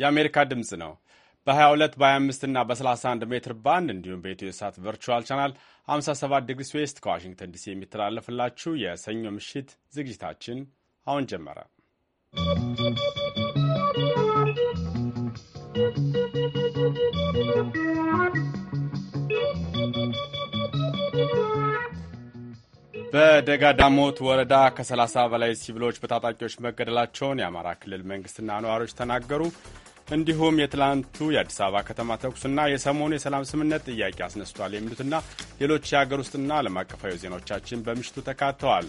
የአሜሪካ ድምፅ ነው። በ22 በ25 እና በ31 ሜትር ባንድ እንዲሁም በኢትዮ ሳት ቨርቹዋል ቻናል 57 ዲግሪ ዌስት ከዋሽንግተን ዲሲ የሚተላለፍላችሁ የሰኞ ምሽት ዝግጅታችን አሁን ጀመረ። በደጋዳሞት ወረዳ ከ30 በላይ ሲቪሎች በታጣቂዎች መገደላቸውን የአማራ ክልል መንግስትና ነዋሪዎች ተናገሩ። እንዲሁም የትላንቱ የአዲስ አበባ ከተማ ተኩስና የሰሞኑ የሰላም ስምምነት ጥያቄ አስነስቷል የሚሉትና ሌሎች የሀገር ውስጥና ዓለም አቀፋዊ ዜናዎቻችን በምሽቱ ተካተዋል።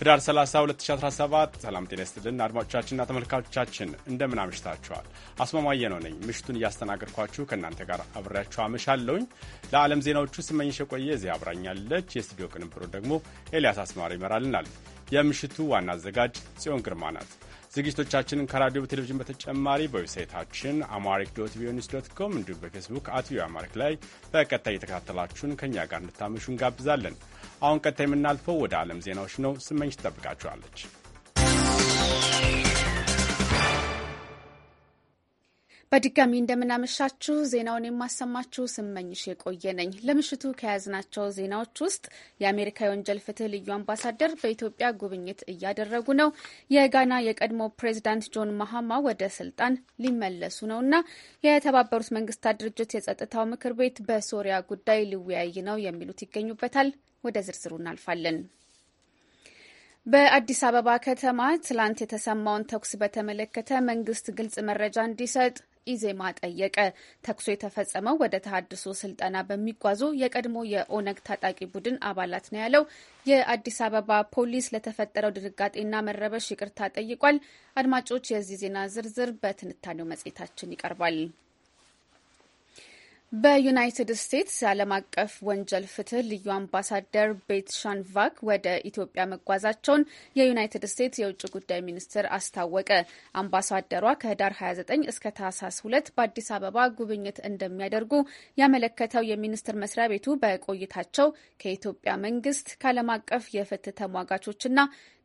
ህዳር 30 2017። ሰላም ጤና ይስጥልን አድማጮቻችንና ተመልካቾቻችን እንደምን አምሽታችኋል። አስማማየ ነው ነኝ ምሽቱን እያስተናገድኳችሁ ከእናንተ ጋር አብሬያችሁ አመሻለሁኝ። ለዓለም ዜናዎቹ ስመኝሽ የቆየ እዚህ አብራኛለች። የስቱዲዮ ቅንብሮ ደግሞ ኤልያስ አስማር ይመራልናል። የምሽቱ ዋና አዘጋጅ ጽዮን ግርማ ናት። ዝግጅቶቻችንን ከራዲዮ በቴሌቪዥን በተጨማሪ በዌብሳይታችን አማሪክ ዶት ቪኦኤ ዶት ኮም እንዲሁም በፌስቡክ አት ቪኦኤ አማሪክ ላይ በቀጣይ እየተከታተላችሁን ከእኛ ጋር እንድታመሹ እንጋብዛለን። አሁን ቀጣይ የምናልፈው ወደ ዓለም ዜናዎች ነው። ስመኝ ትጠብቃችኋለች። በድጋሚ እንደምናመሻችሁ ዜናውን የማሰማችሁ ስመኝሽ የቆየ ነኝ። ለምሽቱ ከያዝናቸው ዜናዎች ውስጥ የአሜሪካ የወንጀል ፍትህ ልዩ አምባሳደር በኢትዮጵያ ጉብኝት እያደረጉ ነው፣ የጋና የቀድሞ ፕሬዚዳንት ጆን ማሃማ ወደ ስልጣን ሊመለሱ ነው እና የተባበሩት መንግስታት ድርጅት የጸጥታው ምክር ቤት በሶሪያ ጉዳይ ሊወያይ ነው የሚሉት ይገኙበታል። ወደ ዝርዝሩ እናልፋለን። በአዲስ አበባ ከተማ ትላንት የተሰማውን ተኩስ በተመለከተ መንግስት ግልጽ መረጃ እንዲሰጥ ኢዜማ ጠየቀ። ተኩሶ የተፈጸመው ወደ ተሃድሶ ስልጠና በሚጓዙ የቀድሞ የኦነግ ታጣቂ ቡድን አባላት ነው ያለው የአዲስ አበባ ፖሊስ ለተፈጠረው ድንጋጤና መረበሽ ይቅርታ ጠይቋል። አድማጮች፣ የዚህ ዜና ዝርዝር በትንታኔው መጽሔታችን ይቀርባል። በዩናይትድ ስቴትስ የዓለም አቀፍ ወንጀል ፍትህ ልዩ አምባሳደር ቤት ሻንቫክ ወደ ኢትዮጵያ መጓዛቸውን የዩናይትድ ስቴትስ የውጭ ጉዳይ ሚኒስትር አስታወቀ። አምባሳደሯ ከህዳር 29 እስከ ታህሳስ 2 በአዲስ አበባ ጉብኝት እንደሚያደርጉ ያመለከተው የሚኒስትር መስሪያ ቤቱ በቆይታቸው ከኢትዮጵያ መንግስት ከዓለም አቀፍ የፍትህ ተሟጋቾችና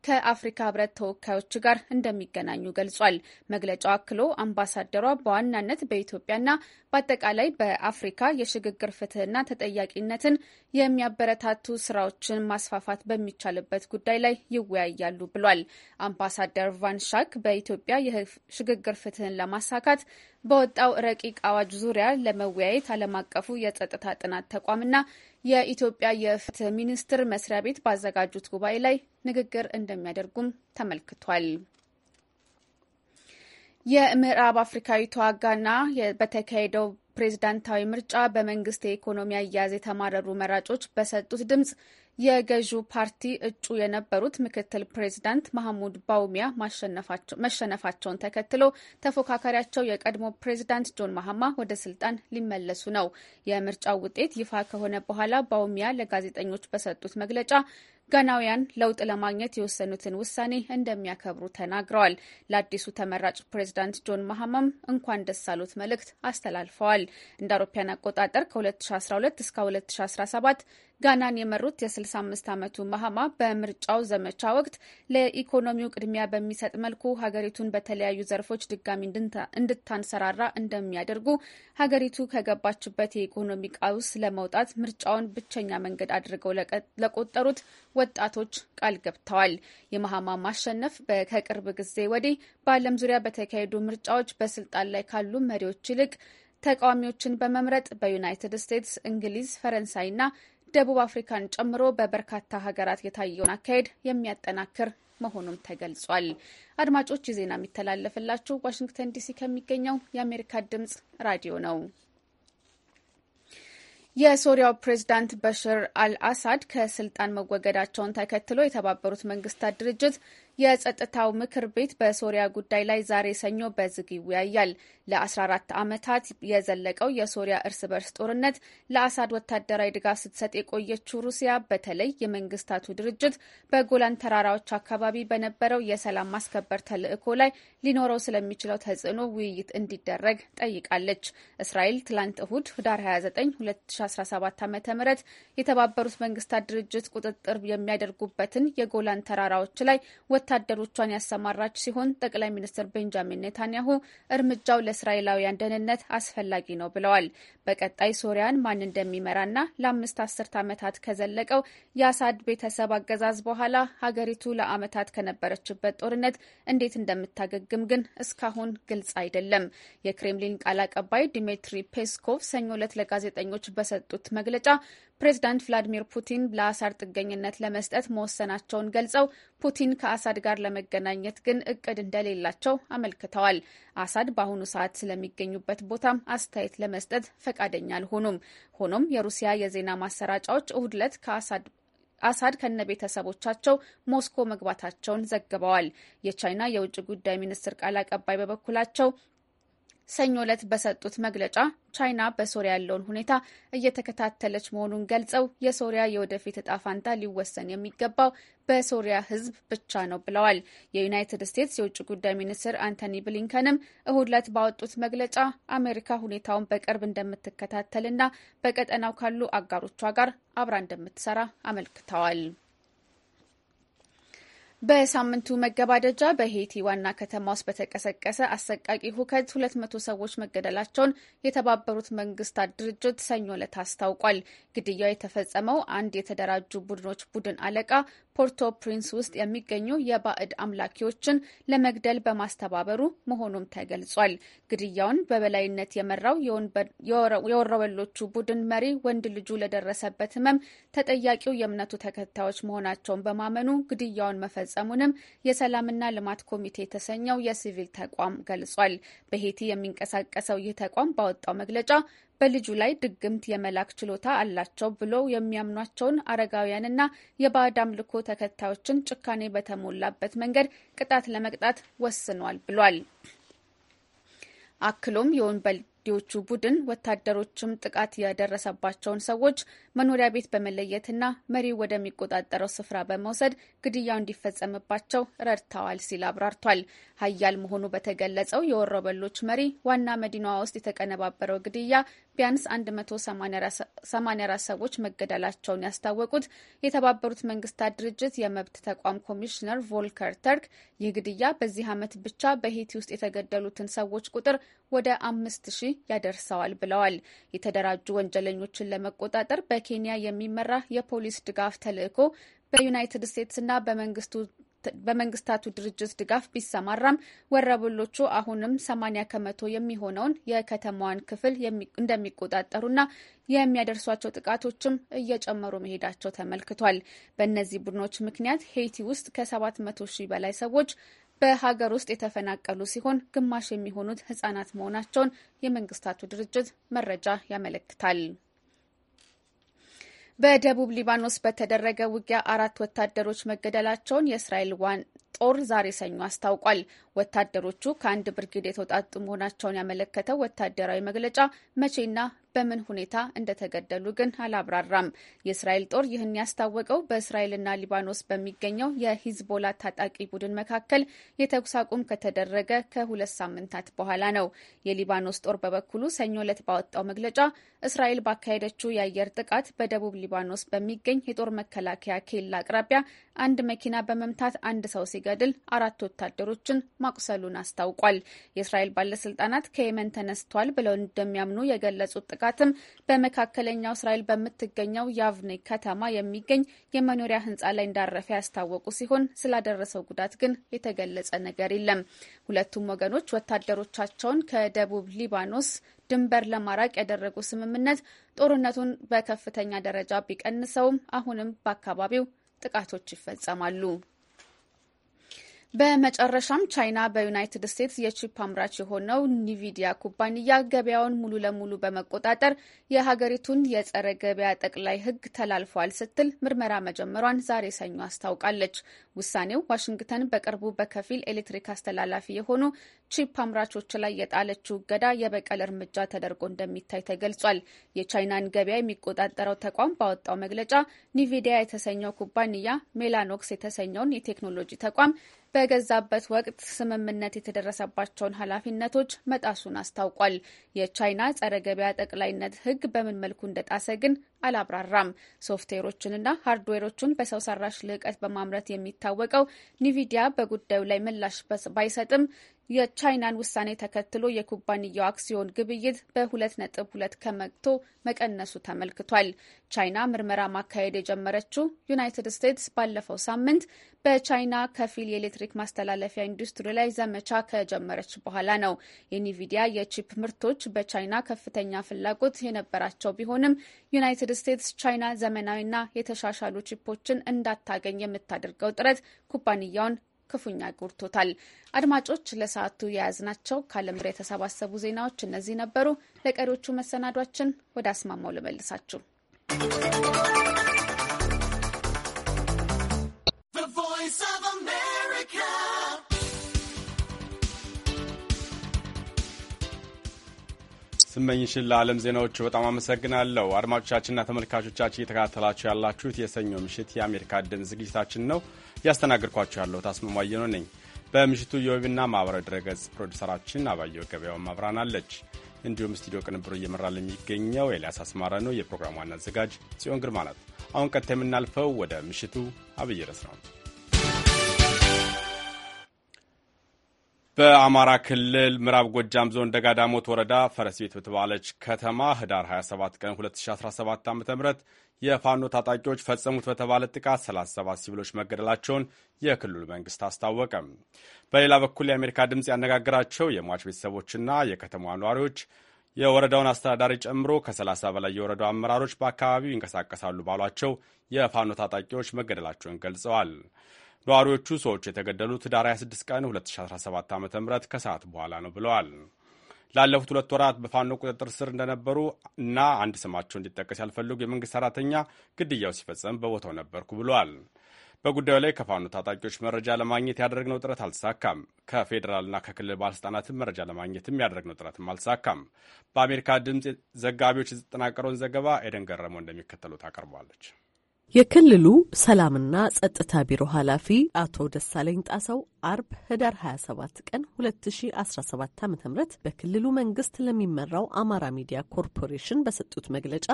ከአፍሪካ ህብረት ተወካዮች ጋር እንደሚገናኙ ገልጿል። መግለጫው አክሎ አምባሳደሯ በዋናነት በኢትዮጵያና በአጠቃላይ በአፍሪካ የሽግግር ፍትህና ተጠያቂነትን የሚያበረታቱ ስራዎችን ማስፋፋት በሚቻልበት ጉዳይ ላይ ይወያያሉ ብሏል። አምባሳደር ቫንሻክ በኢትዮጵያ የሽግግር ፍትህን ለማሳካት በወጣው ረቂቅ አዋጅ ዙሪያ ለመወያየት ዓለም አቀፉ የጸጥታ ጥናት ተቋምና የኢትዮጵያ የፍትህ ሚኒስቴር መስሪያ ቤት ባዘጋጁት ጉባኤ ላይ ንግግር እንደሚያደርጉም ተመልክቷል። የምዕራብ አፍሪካዊቷ ጋና በተካሄደው ፕሬዝዳንታዊ ምርጫ በመንግስት የኢኮኖሚ አያያዝ የተማረሩ መራጮች በሰጡት ድምጽ የገዢው ፓርቲ እጩ የነበሩት ምክትል ፕሬዚዳንት ማህሙድ ባውሚያ መሸነፋቸውን ተከትሎ ተፎካካሪያቸው የቀድሞ ፕሬዚዳንት ጆን ማሃማ ወደ ስልጣን ሊመለሱ ነው። የምርጫው ውጤት ይፋ ከሆነ በኋላ ባውሚያ ለጋዜጠኞች በሰጡት መግለጫ ጋናውያን ለውጥ ለማግኘት የወሰኑትን ውሳኔ እንደሚያከብሩ ተናግረዋል። ለአዲሱ ተመራጭ ፕሬዚዳንት ጆን ማሃማም እንኳን ደስ አሉት መልእክት አስተላልፈዋል። እንደ አውሮፓውያን አቆጣጠር ከ2012 እስከ 2017 ጋናን የመሩት የ65 ዓመቱ ማሃማ በምርጫው ዘመቻ ወቅት ለኢኮኖሚው ቅድሚያ በሚሰጥ መልኩ ሀገሪቱን በተለያዩ ዘርፎች ድጋሚ እንድታንሰራራ እንደሚያደርጉ፣ ሀገሪቱ ከገባችበት የኢኮኖሚ ቀውስ ለመውጣት ምርጫውን ብቸኛ መንገድ አድርገው ለቆጠሩት ወጣቶች ቃል ገብተዋል። የማሃማ ማሸነፍ ከቅርብ ጊዜ ወዲህ በዓለም ዙሪያ በተካሄዱ ምርጫዎች በስልጣን ላይ ካሉ መሪዎች ይልቅ ተቃዋሚዎችን በመምረጥ በዩናይትድ ስቴትስ፣ እንግሊዝ፣ ፈረንሳይና ደቡብ አፍሪካን ጨምሮ በበርካታ ሀገራት የታየውን አካሄድ የሚያጠናክር መሆኑም ተገልጿል። አድማጮች ዜና የሚተላለፍላችሁ ዋሽንግተን ዲሲ ከሚገኘው የአሜሪካ ድምጽ ራዲዮ ነው። የሶሪያው ፕሬዝዳንት በሽር አልአሳድ ከስልጣን መወገዳቸውን ተከትሎ የተባበሩት መንግስታት ድርጅት የጸጥታው ምክር ቤት በሶሪያ ጉዳይ ላይ ዛሬ ሰኞ በዝግ ይወያያል። ለ14 ዓመታት የዘለቀው የሶሪያ እርስ በርስ ጦርነት ለአሳድ ወታደራዊ ድጋፍ ስትሰጥ የቆየችው ሩሲያ በተለይ የመንግስታቱ ድርጅት በጎላን ተራራዎች አካባቢ በነበረው የሰላም ማስከበር ተልዕኮ ላይ ሊኖረው ስለሚችለው ተጽዕኖ ውይይት እንዲደረግ ጠይቃለች። እስራኤል ትላንት እሁድ ህዳር 29 2017 ዓ.ም የተባበሩት መንግስታት ድርጅት ቁጥጥር የሚያደርጉበትን የጎላን ተራራዎች ላይ ወታደሮቿን ያሰማራች ሲሆን ጠቅላይ ሚኒስትር ቤንጃሚን ኔታንያሁ እርምጃው ለእስራኤላውያን ደህንነት አስፈላጊ ነው ብለዋል። በቀጣይ ሶሪያን ማን እንደሚመራና ለአምስት አስርት ዓመታት ከዘለቀው የአሳድ ቤተሰብ አገዛዝ በኋላ ሀገሪቱ ለዓመታት ከነበረችበት ጦርነት እንዴት እንደምታገግም ግን እስካሁን ግልጽ አይደለም። የክሬምሊን ቃል አቀባይ ዲሜትሪ ፔስኮቭ ሰኞ ዕለት ለጋዜጠኞች በሰጡት መግለጫ ፕሬዚዳንት ቭላዲሚር ፑቲን ለአሳድ ጥገኝነት ለመስጠት መወሰናቸውን ገልጸው ፑቲን ከአሳድ ጋር ለመገናኘት ግን እቅድ እንደሌላቸው አመልክተዋል። አሳድ በአሁኑ ሰዓት ስለሚገኙበት ቦታም አስተያየት ለመስጠት ፈቃደኛ አልሆኑም። ሆኖም የሩሲያ የዜና ማሰራጫዎች እሁድ ዕለት ከአሳድ አሳድ ከነ ቤተሰቦቻቸው ሞስኮ መግባታቸውን ዘግበዋል። የቻይና የውጭ ጉዳይ ሚኒስትር ቃል አቀባይ በበኩላቸው ሰኞ ዕለት በሰጡት መግለጫ ቻይና በሶሪያ ያለውን ሁኔታ እየተከታተለች መሆኑን ገልጸው የሶሪያ የወደፊት እጣ ፋንታ ሊወሰን የሚገባው በሶሪያ ሕዝብ ብቻ ነው ብለዋል። የዩናይትድ ስቴትስ የውጭ ጉዳይ ሚኒስትር አንቶኒ ብሊንከንም እሁድ ዕለት ባወጡት መግለጫ አሜሪካ ሁኔታውን በቅርብ እንደምትከታተልና በቀጠናው ካሉ አጋሮቿ ጋር አብራ እንደምትሰራ አመልክተዋል። በሳምንቱ መገባደጃ በሄይቲ ዋና ከተማ ውስጥ በተቀሰቀሰ አሰቃቂ ሁከት ሁለት መቶ ሰዎች መገደላቸውን የተባበሩት መንግስታት ድርጅት ሰኞ ዕለት አስታውቋል። ግድያው የተፈጸመው አንድ የተደራጁ ቡድኖች ቡድን አለቃ ፖርቶ ፕሪንስ ውስጥ የሚገኙ የባዕድ አምላኪዎችን ለመግደል በማስተባበሩ መሆኑም ተገልጿል። ግድያውን በበላይነት የመራው የወረበሎቹ ቡድን መሪ ወንድ ልጁ ለደረሰበት ህመም ተጠያቂው የእምነቱ ተከታዮች መሆናቸውን በማመኑ ግድያውን መፈጸ መፈጸሙንም የሰላምና ልማት ኮሚቴ የተሰኘው የሲቪል ተቋም ገልጿል። በሄቲ የሚንቀሳቀሰው ይህ ተቋም ባወጣው መግለጫ በልጁ ላይ ድግምት የመላክ ችሎታ አላቸው ብሎ የሚያምኗቸውን አረጋውያንና የባዕድ አምልኮ ተከታዮችን ጭካኔ በተሞላበት መንገድ ቅጣት ለመቅጣት ወስኗል ብሏል። አክሎም የወንበል የሽብርተኞቹ ቡድን ወታደሮችም ጥቃት የደረሰባቸውን ሰዎች መኖሪያ ቤት በመለየትና መሪው ወደሚቆጣጠረው ስፍራ በመውሰድ ግድያው እንዲፈጸምባቸው ረድተዋል ሲል አብራርቷል። ሀያል መሆኑ በተገለጸው የወሮበሎች መሪ ዋና መዲናዋ ውስጥ የተቀነባበረው ግድያ ቢያንስ 184 ሰዎች መገደላቸውን ያስታወቁት የተባበሩት መንግስታት ድርጅት የመብት ተቋም ኮሚሽነር ቮልከር ተርክ ይህ ግድያ በዚህ ዓመት ብቻ በሄቲ ውስጥ የተገደሉትን ሰዎች ቁጥር ወደ አምስት ሺህ ያደርሰዋል ብለዋል። የተደራጁ ወንጀለኞችን ለመቆጣጠር በኬንያ የሚመራ የፖሊስ ድጋፍ ተልዕኮ በዩናይትድ ስቴትስና በመንግስቱ በመንግስታቱ ድርጅት ድጋፍ ቢሰማራም ወረበሎቹ አሁንም ሰማኒያ ከመቶ የሚሆነውን የከተማዋን ክፍል እንደሚቆጣጠሩና የሚያደርሷቸው ጥቃቶችም እየጨመሩ መሄዳቸው ተመልክቷል። በእነዚህ ቡድኖች ምክንያት ሄይቲ ውስጥ ከሰባት መቶ ሺህ በላይ ሰዎች በሀገር ውስጥ የተፈናቀሉ ሲሆን ግማሽ የሚሆኑት ህጻናት መሆናቸውን የመንግስታቱ ድርጅት መረጃ ያመለክታል። በደቡብ ሊባኖስ በተደረገ ውጊያ አራት ወታደሮች መገደላቸውን የእስራኤል ጦር ዛሬ ሰኞ አስታውቋል። ወታደሮቹ ከአንድ ብርጌድ የተውጣጡ መሆናቸውን ያመለከተው ወታደራዊ መግለጫ መቼና በምን ሁኔታ እንደተገደሉ ግን አላብራራም። የእስራኤል ጦር ይህን ያስታወቀው በእስራኤልና ሊባኖስ በሚገኘው የሂዝቦላ ታጣቂ ቡድን መካከል የተኩስ አቁም ከተደረገ ከሁለት ሳምንታት በኋላ ነው። የሊባኖስ ጦር በበኩሉ ሰኞ ዕለት ባወጣው መግለጫ እስራኤል ባካሄደችው የአየር ጥቃት በደቡብ ሊባኖስ በሚገኝ የጦር መከላከያ ኬላ አቅራቢያ አንድ መኪና በመምታት አንድ ሰው ሲገድል አራት ወታደሮችን ማቁሰሉን አስታውቋል። የእስራኤል ባለስልጣናት ከየመን ተነስቷል ብለው እንደሚያምኑ የገለጹት ጥቃትም በመካከለኛው እስራኤል በምትገኘው ያቭኔ ከተማ የሚገኝ የመኖሪያ ህንፃ ላይ እንዳረፈ ያስታወቁ ሲሆን ስላደረሰው ጉዳት ግን የተገለጸ ነገር የለም። ሁለቱም ወገኖች ወታደሮቻቸውን ከደቡብ ሊባኖስ ድንበር ለማራቅ ያደረጉ ስምምነት ጦርነቱን በከፍተኛ ደረጃ ቢቀንሰውም አሁንም በአካባቢው ጥቃቶች ይፈጸማሉ። በመጨረሻም ቻይና በዩናይትድ ስቴትስ የቺፕ አምራች የሆነው ኒቪዲያ ኩባንያ ገበያውን ሙሉ ለሙሉ በመቆጣጠር የሀገሪቱን የጸረ ገበያ ጠቅላይ ሕግ ተላልፏል ስትል ምርመራ መጀመሯን ዛሬ ሰኞ አስታውቃለች። ውሳኔው ዋሽንግተን በቅርቡ በከፊል ኤሌክትሪክ አስተላላፊ የሆኑ ቺፕ አምራቾች ላይ የጣለችው እገዳ የበቀል እርምጃ ተደርጎ እንደሚታይ ተገልጿል። የቻይናን ገበያ የሚቆጣጠረው ተቋም ባወጣው መግለጫ ኒቪዲያ የተሰኘው ኩባንያ ሜላኖክስ የተሰኘውን የቴክኖሎጂ ተቋም በገዛበት ወቅት ስምምነት የተደረሰባቸውን ኃላፊነቶች መጣሱን አስታውቋል። የቻይና ጸረ ገበያ ጠቅላይነት ሕግ በምን መልኩ እንደጣሰ ግን አላብራራም። ሶፍትዌሮችንና ሃርድዌሮችን በሰው ሰራሽ ልዕቀት በማምረት የሚታወቀው ኒቪዲያ በጉዳዩ ላይ ምላሽ ባይሰጥም የቻይናን ውሳኔ ተከትሎ የኩባንያው አክሲዮን ግብይት በ2.2 ከመቶ መቀነሱ ተመልክቷል። ቻይና ምርመራ ማካሄድ የጀመረችው ዩናይትድ ስቴትስ ባለፈው ሳምንት በቻይና ከፊል የኤሌክትሪክ ማስተላለፊያ ኢንዱስትሪ ላይ ዘመቻ ከጀመረች በኋላ ነው። የኒቪዲያ የቺፕ ምርቶች በቻይና ከፍተኛ ፍላጎት የነበራቸው ቢሆንም ዩናይትድ ስቴትስ ቻይና ዘመናዊና የተሻሻሉ ቺፖችን እንዳታገኝ የምታደርገው ጥረት ኩባንያውን ክፉኛ ጎድቶታል። አድማጮች ለሰዓቱ የያዝናቸው ከዓለም ዙሪያ የተሰባሰቡ ዜናዎች እነዚህ ነበሩ። ለቀሪዎቹ መሰናዷችን ወደ አስማማው ልመልሳችሁ። ስመኝሽን ለዓለም ዜናዎቹ በጣም አመሰግናለሁ። አድማጮቻችንና ተመልካቾቻችን እየተከታተላችሁ ያላችሁት የሰኞ ምሽት የአሜሪካ ድምፅ ዝግጅታችን ነው። እያስተናገድኳችሁ ያለሁት አስመሟየኖ ነኝ። በምሽቱ የዌብና ማኅበራዊ ድረገጽ ፕሮዲሰራችን አባየው ገበያውን ማብራናለች። እንዲሁም ስቱዲዮ ቅንብሩ እየመራል የሚገኘው ኤልያስ አስማረ ነው። የፕሮግራሙ ዋና አዘጋጅ ጽዮን ግርማ ናት። አሁን ቀጥታ የምናልፈው ወደ ምሽቱ አብይ ርዕስ ነው። በአማራ ክልል ምዕራብ ጎጃም ዞን ደጋዳሞት ወረዳ ፈረስ ቤት በተባለች ከተማ ህዳር 27 ቀን 2017 ዓ ም የፋኖ ታጣቂዎች ፈጸሙት በተባለ ጥቃት 37 ሲቪሎች መገደላቸውን የክልሉ መንግስት አስታወቀ። በሌላ በኩል የአሜሪካ ድምፅ ያነጋገራቸው የሟች ቤተሰቦችና የከተማዋ ነዋሪዎች የወረዳውን አስተዳዳሪ ጨምሮ ከ30 በላይ የወረዳው አመራሮች በአካባቢው ይንቀሳቀሳሉ ባሏቸው የፋኖ ታጣቂዎች መገደላቸውን ገልጸዋል። ነዋሪዎቹ ሰዎች የተገደሉት ዳር 26 ቀን 2017 ዓ ም ከሰዓት በኋላ ነው ብለዋል። ላለፉት ሁለት ወራት በፋኖ ቁጥጥር ስር እንደነበሩ እና አንድ ስማቸው እንዲጠቀስ ያልፈልጉ የመንግስት ሰራተኛ ግድያው ሲፈጸም በቦታው ነበርኩ ብሏል። በጉዳዩ ላይ ከፋኖ ታጣቂዎች መረጃ ለማግኘት ያደረግነው ጥረት አልተሳካም። ከፌዴራልና ከክልል ባለስልጣናትም መረጃ ለማግኘትም ያደረግነው ጥረትም አልተሳካም። በአሜሪካ ድምፅ ዘጋቢዎች የተጠናቀረውን ዘገባ ኤደን ገረመው እንደሚከተሉት አቀርቧለች። የክልሉ ሰላምና ጸጥታ ቢሮ ኃላፊ አቶ ደሳለኝ ጣሰው አርብ ህዳር 27 ቀን 2017 ዓ ም በክልሉ መንግስት ለሚመራው አማራ ሚዲያ ኮርፖሬሽን በሰጡት መግለጫ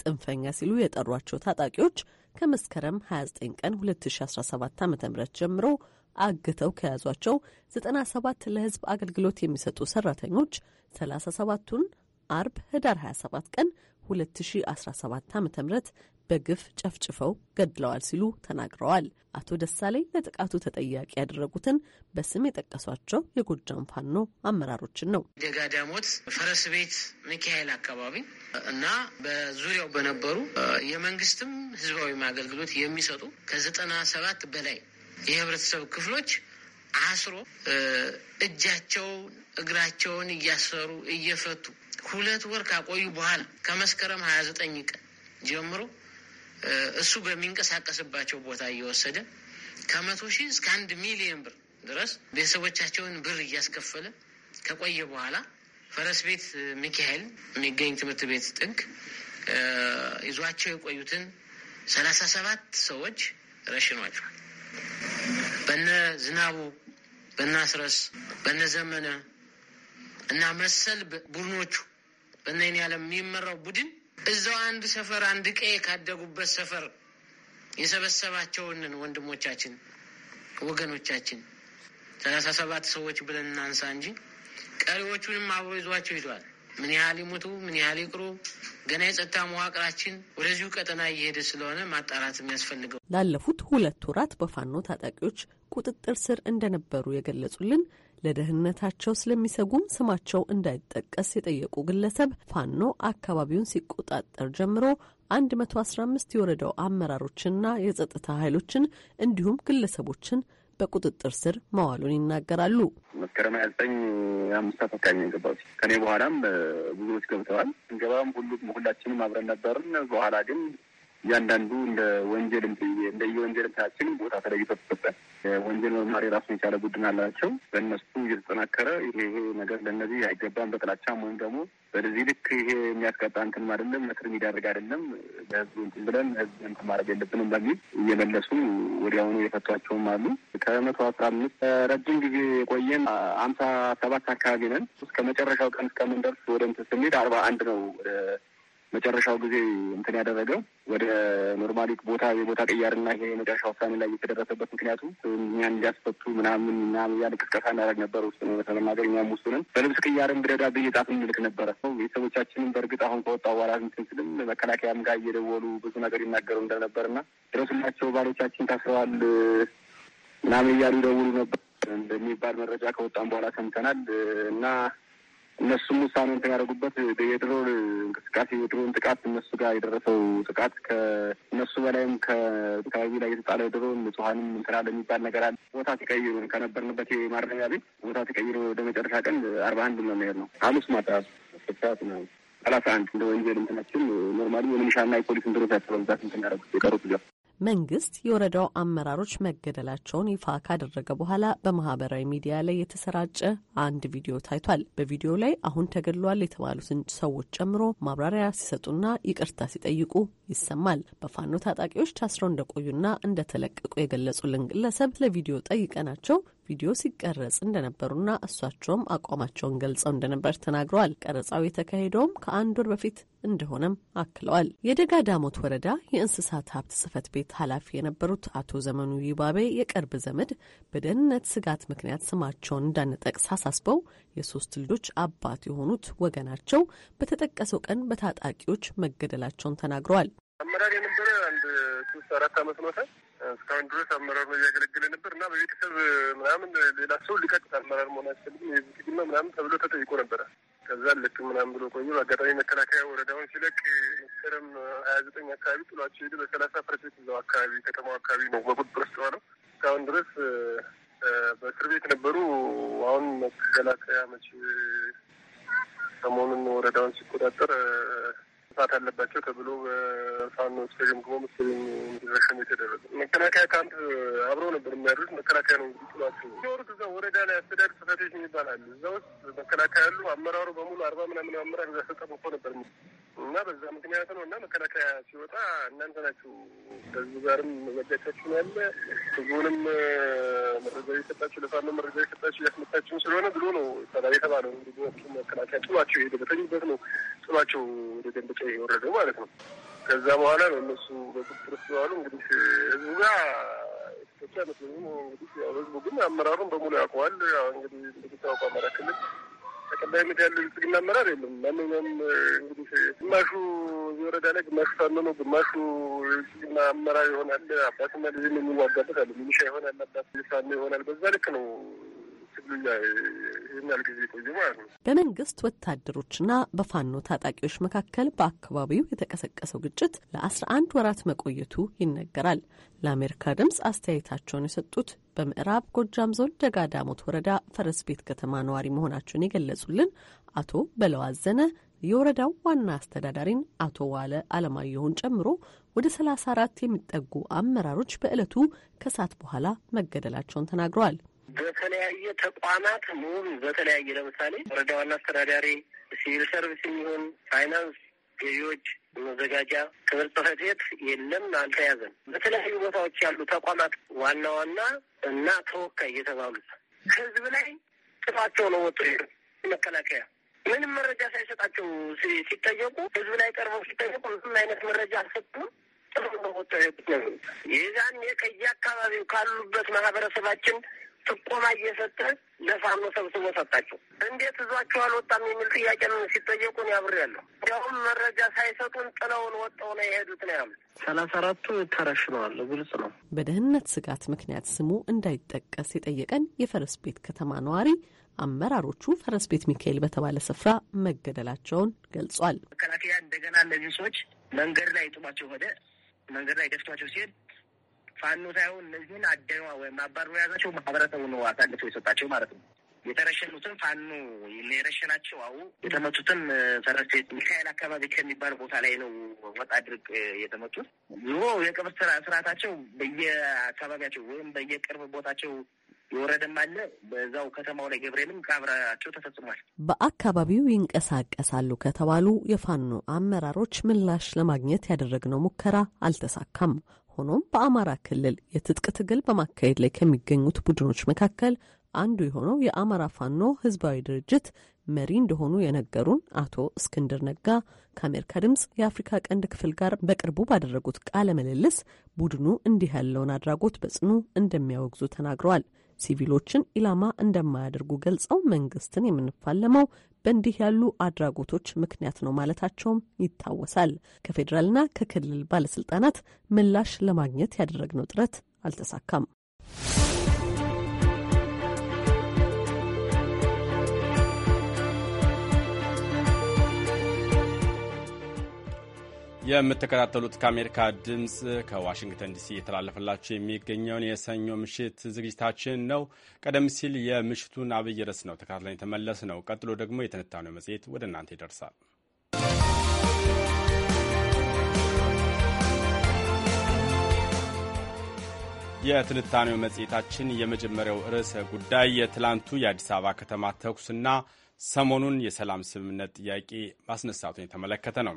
ጽንፈኛ ሲሉ የጠሯቸው ታጣቂዎች ከመስከረም 29 ቀን 2017 ዓ ም ጀምሮ አግተው ከያዟቸው 97 ለህዝብ አገልግሎት የሚሰጡ ሰራተኞች 37ቱን አርብ ህዳር 27 ቀን 2017 ዓ ም በግፍ ጨፍጭፈው ገድለዋል ሲሉ ተናግረዋል። አቶ ደሳለኝ ለጥቃቱ ተጠያቂ ያደረጉትን በስም የጠቀሷቸው የጎጃም ፋኖ አመራሮችን ነው። ደጋዳሞት ፈረስ ቤት ሚካኤል አካባቢ እና በዙሪያው በነበሩ የመንግስትም ህዝባዊ አገልግሎት የሚሰጡ ከዘጠና ሰባት በላይ የህብረተሰብ ክፍሎች አስሮ እጃቸውን እግራቸውን እያሰሩ እየፈቱ ሁለት ወር ካቆዩ በኋላ ከመስከረም ሀያ ዘጠኝ ቀን ጀምሮ እሱ በሚንቀሳቀስባቸው ቦታ እየወሰደ ከመቶ ሺህ እስከ አንድ ሚሊዮን ብር ድረስ ቤተሰቦቻቸውን ብር እያስከፈለ ከቆየ በኋላ ፈረስ ቤት ሚካኤል የሚገኝ ትምህርት ቤት ጥግ ይዟቸው የቆዩትን ሰላሳ ሰባት ሰዎች ረሽኗቸዋል። በነ ዝናቡ፣ በነ አስረስ፣ በነ ዘመነ እና መሰል ቡድኖቹ በነ ያለ የሚመራው ቡድን እዛው አንድ ሰፈር አንድ ቀዬ ካደጉበት ሰፈር የሰበሰባቸውንን ወንድሞቻችን ወገኖቻችን ሰላሳ ሰባት ሰዎች ብለን እናንሳ እንጂ ቀሪዎቹንም አብሮ ይዟቸው ይዟል። ምን ያህል ይሙቱ፣ ምን ያህል ይቅሩ፣ ገና የጸጥታ መዋቅራችን ወደዚሁ ቀጠና እየሄደ ስለሆነ ማጣራት የሚያስፈልገው። ላለፉት ሁለት ወራት በፋኖ ታጣቂዎች ቁጥጥር ስር እንደነበሩ የገለጹልን ለደህንነታቸው ስለሚሰጉም ስማቸው እንዳይጠቀስ የጠየቁ ግለሰብ ፋኖ አካባቢውን ሲቆጣጠር ጀምሮ 115 የወረዳው አመራሮችንና የጸጥታ ኃይሎችን እንዲሁም ግለሰቦችን በቁጥጥር ስር መዋሉን ይናገራሉ። መስከረም ሀያ ዘጠኝ አምስት አፈካኝ አካባቢ ከኔ በኋላም ብዙዎች ገብተዋል። ስንገባም ሁሉ ሁላችንም አብረን ነበርን። በኋላ ግን እያንዳንዱ እንደ ወንጀል የወንጀል ምታችን ቦታ ተለይቶ ተሰጠን። ወንጀል መማር የራሱን የቻለ ቡድን አላቸው። በእነሱ እየተጠናከረ ይሄ ይሄ ነገር ለእነዚህ አይገባም፣ በጥላቻም ወይም ደግሞ በዚህ ልክ ይሄ የሚያስቀጣ እንትን አይደለም፣ መትር የሚዳርግ አይደለም፣ ለህዝቡ እንትን ብለን ህዝብ እንትን ማድረግ የለብንም በሚል እየመለሱ ወዲያውኑ የፈቷቸውም አሉ። ከመቶ አስራ አምስት ረጅም ጊዜ የቆየን አምሳ ሰባት አካባቢ ነን። እስከ መጨረሻው ቀን እስከምንደርስ ወደ እንትን ስንሄድ አርባ አንድ ነው መጨረሻው ጊዜ እንትን ያደረገው ወደ ኖርማሊ ቦታ የቦታ ቅያርና ይሄ መጨረሻ ውሳኔ ላይ የተደረሰበት ምክንያቱ እኛ እንዲያስፈቱ ምናምን እና ያን ቅስቀሳ እናደርግ ነበር። ውስጥ ነው ለመናገር እኛም ውስጡ በልብስ ቅያርን ብደዳ ብዬ ጣት እንልክ ነበረ። ቤተሰቦቻችንም በእርግጥ አሁን ከወጣ በኋላ እንትን ስልም መከላከያም ጋር እየደወሉ ብዙ ነገር ይናገሩ እንደነበር እና ድረሱላቸው ባሎቻችን ታስረዋል ምናምን እያሉ ይደውሉ ነበር እንደሚባል መረጃ ከወጣም በኋላ ሰምተናል እና እነሱም ውሳኔ እንትን ያደረጉበት የድሮን እንቅስቃሴ የድሮን ጥቃት እነሱ ጋር የደረሰው ጥቃት ከእነሱ በላይም ከአካባቢ ላይ የተጣለ ድሮን ንጹሀንም እንትናለ የሚባል ነገር አለ። ቦታ ተቀይሮ ከነበርንበት የማረሚያ ቤት ቦታ ተቀይሮ ወደ መጨረሻ ቀን አርባ አንድ ነው መሄድ ነው ሀሙስ ማጣ ስት ነው ሰላሳ አንድ እንደ ወንጀል እንትናችን ኖርማሊ የሚሊሻና የፖሊስ እንትኖች ያቸው በብዛት እንትን ያደረጉት የቀሩት ዚያ መንግስት የወረዳው አመራሮች መገደላቸውን ይፋ ካደረገ በኋላ በማህበራዊ ሚዲያ ላይ የተሰራጨ አንድ ቪዲዮ ታይቷል። በቪዲዮ ላይ አሁን ተገድሏል የተባሉትን ሰዎች ጨምሮ ማብራሪያ ሲሰጡና ይቅርታ ሲጠይቁ ይሰማል። በፋኖ ታጣቂዎች ታስረው እንደቆዩና እንደተለቀቁ የገለጹልን ግለሰብ ለቪዲዮ ጠይቀናቸው ቪዲዮ ሲቀረጽ እንደነበሩና እሷቸውም አቋማቸውን ገልጸው እንደነበር ተናግረዋል። ቀረጻው የተካሄደውም ከአንድ ወር በፊት እንደሆነም አክለዋል። የደጋ ዳሞት ወረዳ የእንስሳት ሀብት ጽህፈት ቤት ኃላፊ የነበሩት አቶ ዘመኑ ይባቤ የቅርብ ዘመድ በደህንነት ስጋት ምክንያት ስማቸውን እንዳንጠቅስ አሳስበው የሶስት ልጆች አባት የሆኑት ወገናቸው በተጠቀሰው ቀን በታጣቂዎች መገደላቸውን ተናግረዋል። አመራር የነበረ አንድ ሶስት አራት አመት እስካሁን ድረስ አመራር ነው እያገለግለ ነበር እና በቤተሰብ ምናምን ሌላ ሰው ልቀቅት አመራር መሆን አያስፈልግም የብልጽግና ምናምን ተብሎ ተጠይቆ ነበረ። ከዛ ልክ ምናምን ብሎ ቆዩ። አጋጣሚ መከላከያ ወረዳውን ሲለቅ መስከረም ሀያ ዘጠኝ አካባቢ ጥሏቸው ሄደ። በሰላሳ ፐርሴንት እዛው አካባቢ ከተማው አካባቢ ነው በቁጥጥር ውስጥ ነው። እስካሁን ድረስ በእስር ቤት ነበሩ። አሁን መከላከያ መቼ ሰሞኑን ወረዳውን ሲቆጣጠር ጥፋት አለባቸው ተብሎ በፋኖ ተገምግሞ ምስሉን እንዲረሸኑ የተደረገ መከላከያ ካምፕ አብረው ነበር የሚያደሩት። መከላከያ ነው እንግዲህ ጥሏቸው ኖሩት። እዛ ወረዳ ላይ አስተዳደር ጽሕፈት ቤት የሚባል አለ። እዛ ውስጥ መከላከያ ያሉ አመራሩ በሙሉ አርባ ምናምን አመራር እዛ ተጠብቆ ነበር እና በዛ ምክንያት ነው እና መከላከያ ሲወጣ እናንተ ናችሁ ከዚሁ ጋርም መጋጫችሁ ነው ያለ ህዝቡንም መረጃ የሰጣችሁ ለፋኖ መረጃ የሰጣችሁ እያስመታችሁ ስለሆነ ብሎ ነው የተባለው። እንግዲህ መከላከያ ጥሏቸው የሄደ በተኙበት ነው ጥሏቸው ወደ ደንበጫ የወረደው ማለት ነው። ከዛ በኋላ ነው እነሱ በቁጥጥር ስር ዋሉ። እንግዲህ ህዝቡ ጋር ብቻ መስለኝም እንግዲህ ያው ህዝቡ ግን አመራሩን በሙሉ ያውቀዋል። ያው እንግዲህ እንደሚታወቁ አማራ ክልል ተቀባይነት ያለው ብልጽግና አመራር የለም። ማንኛውም እንግዲህ ግማሹ የወረዳ ላይ ግማሹ ፋኖ ነው፣ ግማሹ የብልጽግና አመራር ይሆናል። አባትና ልጅም የሚዋጋበት አለ። ሚኒሻ ይሆናል፣ አባት ፋኖ ይሆናል። በዛ ልክ ነው በመንግስት ወታደሮችና በፋኖ ታጣቂዎች መካከል በአካባቢው የተቀሰቀሰው ግጭት ለአስራ አንድ ወራት መቆየቱ ይነገራል። ለአሜሪካ ድምፅ አስተያየታቸውን የሰጡት በምዕራብ ጎጃም ዞን ደጋ ዳሞት ወረዳ ፈረስ ቤት ከተማ ነዋሪ መሆናቸውን የገለጹልን አቶ በለዋዘነ የወረዳው ዋና አስተዳዳሪን አቶ ዋለ አለማየሁን ጨምሮ ወደ 34 የሚጠጉ አመራሮች በዕለቱ ከሰዓት በኋላ መገደላቸውን ተናግረዋል። በተለያየ ተቋማት ሙሉ በተለያየ ለምሳሌ ወረዳ ዋና አስተዳዳሪ፣ ሲቪል ሰርቪስ የሚሆን ፋይናንስ፣ ገቢዎች፣ መዘጋጃ፣ ክብር ጽሕፈት ቤት የለም አልተያዘም። በተለያዩ ቦታዎች ያሉ ተቋማት ዋና ዋና እና ተወካይ የተባሉት ህዝብ ላይ ጥፋቸው ነው ወጡ መከላከያ ምንም መረጃ ሳይሰጣቸው ሲጠየቁ ህዝብ ላይ ቀርበው ሲጠየቁ ምንም አይነት መረጃ አልሰጡም። ጥሩ ነው ወጡ የዛን የከየ አካባቢው ካሉበት ማህበረሰባችን ጥቆማ እየሰጠ ለፋኖ ሰብስቦ ሰጣቸው። እንዴት እዟቸው አልወጣም የሚል ጥያቄ ሲጠየቁን ያብር ያለው እንዲያውም መረጃ ሳይሰጡን ጥለውን ወጠው ነው የሄዱት ነው ያሉ። ሰላሳ አራቱ ተረሽነዋል። ግልጽ ነው። በደህንነት ስጋት ምክንያት ስሙ እንዳይጠቀስ የጠየቀን የፈረስ ቤት ከተማ ነዋሪ አመራሮቹ ፈረስ ቤት ሚካኤል በተባለ ስፍራ መገደላቸውን ገልጿል። መከላከያ እንደገና እነዚህ ሰዎች መንገድ ላይ ጥሏቸው ወደ መንገድ ላይ ደፍቷቸው ሲሄድ ፋኖ ሳይሆን እነዚህን አደኗ ወይም አባሮ የያዛቸው ማህበረሰቡ ነው አሳልፎ የሰጣቸው ማለት ነው። የተረሸኑትን ፋኖ የረሸናቸው አሁ የተመቱትን ሰረሴ ሚካኤል አካባቢ ከሚባል ቦታ ላይ ነው ወጣ ድርቅ የተመቱት። ዞሮ የቅብር ስርዓታቸው በየአካባቢያቸው ወይም በየቅርብ ቦታቸው የወረደም አለ። በዛው ከተማው ላይ ገብርኤልም ቀብራቸው ተፈጽሟል። በአካባቢው ይንቀሳቀሳሉ ከተባሉ የፋኖ አመራሮች ምላሽ ለማግኘት ያደረግነው ሙከራ አልተሳካም። ሆኖም በአማራ ክልል የትጥቅ ትግል በማካሄድ ላይ ከሚገኙት ቡድኖች መካከል አንዱ የሆነው የአማራ ፋኖ ህዝባዊ ድርጅት መሪ እንደሆኑ የነገሩን አቶ እስክንድር ነጋ ከአሜሪካ ድምፅ የአፍሪካ ቀንድ ክፍል ጋር በቅርቡ ባደረጉት ቃለ ምልልስ ቡድኑ እንዲህ ያለውን አድራጎት በጽኑ እንደሚያወግዙ ተናግረዋል። ሲቪሎችን ኢላማ እንደማያደርጉ ገልጸው መንግስትን የምንፋለመው በእንዲህ ያሉ አድራጎቶች ምክንያት ነው ማለታቸውም ይታወሳል። ከፌዴራልና ከክልል ባለስልጣናት ምላሽ ለማግኘት ያደረግነው ጥረት አልተሳካም። የምትከታተሉት ከአሜሪካ ድምፅ ከዋሽንግተን ዲሲ እየተላለፈላችሁ የሚገኘውን የሰኞ ምሽት ዝግጅታችን ነው። ቀደም ሲል የምሽቱን አብይ ርዕስ ነው ተከታትለን የተመለስ ነው። ቀጥሎ ደግሞ የትንታኔው መጽሔት ወደ እናንተ ይደርሳል። የትንታኔው መጽሔታችን የመጀመሪያው ርዕሰ ጉዳይ የትላንቱ የአዲስ አበባ ከተማ ተኩስና ሰሞኑን የሰላም ስምምነት ጥያቄ ማስነሳቱን የተመለከተ ነው።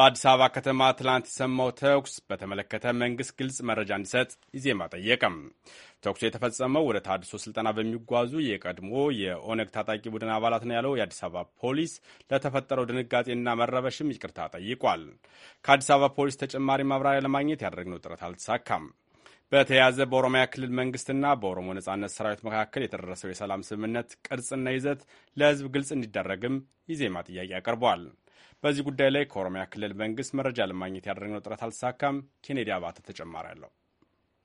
በአዲስ አበባ ከተማ ትላንት የሰማው ተኩስ በተመለከተ መንግስት ግልጽ መረጃ እንዲሰጥ ኢዜማ ጠየቀም። ተኩሱ የተፈጸመው ወደ ታድሶ ስልጠና በሚጓዙ የቀድሞ የኦነግ ታጣቂ ቡድን አባላት ነው ያለው የአዲስ አበባ ፖሊስ ለተፈጠረው ድንጋጤና መረበሽም ይቅርታ ጠይቋል። ከአዲስ አበባ ፖሊስ ተጨማሪ ማብራሪያ ለማግኘት ያደረግነው ጥረት አልተሳካም። በተያያዘ በኦሮሚያ ክልል መንግስትና በኦሮሞ ነጻነት ሰራዊት መካከል የተደረሰው የሰላም ስምምነት ቅርጽና ይዘት ለህዝብ ግልጽ እንዲደረግም ኢዜማ ጥያቄ አቅርቧል። በዚህ ጉዳይ ላይ ከኦሮሚያ ክልል መንግስት መረጃ ለማግኘት ያደረግነው ጥረት አልተሳካም። ኬኔዲ አባተ ተጨማሪ አለው።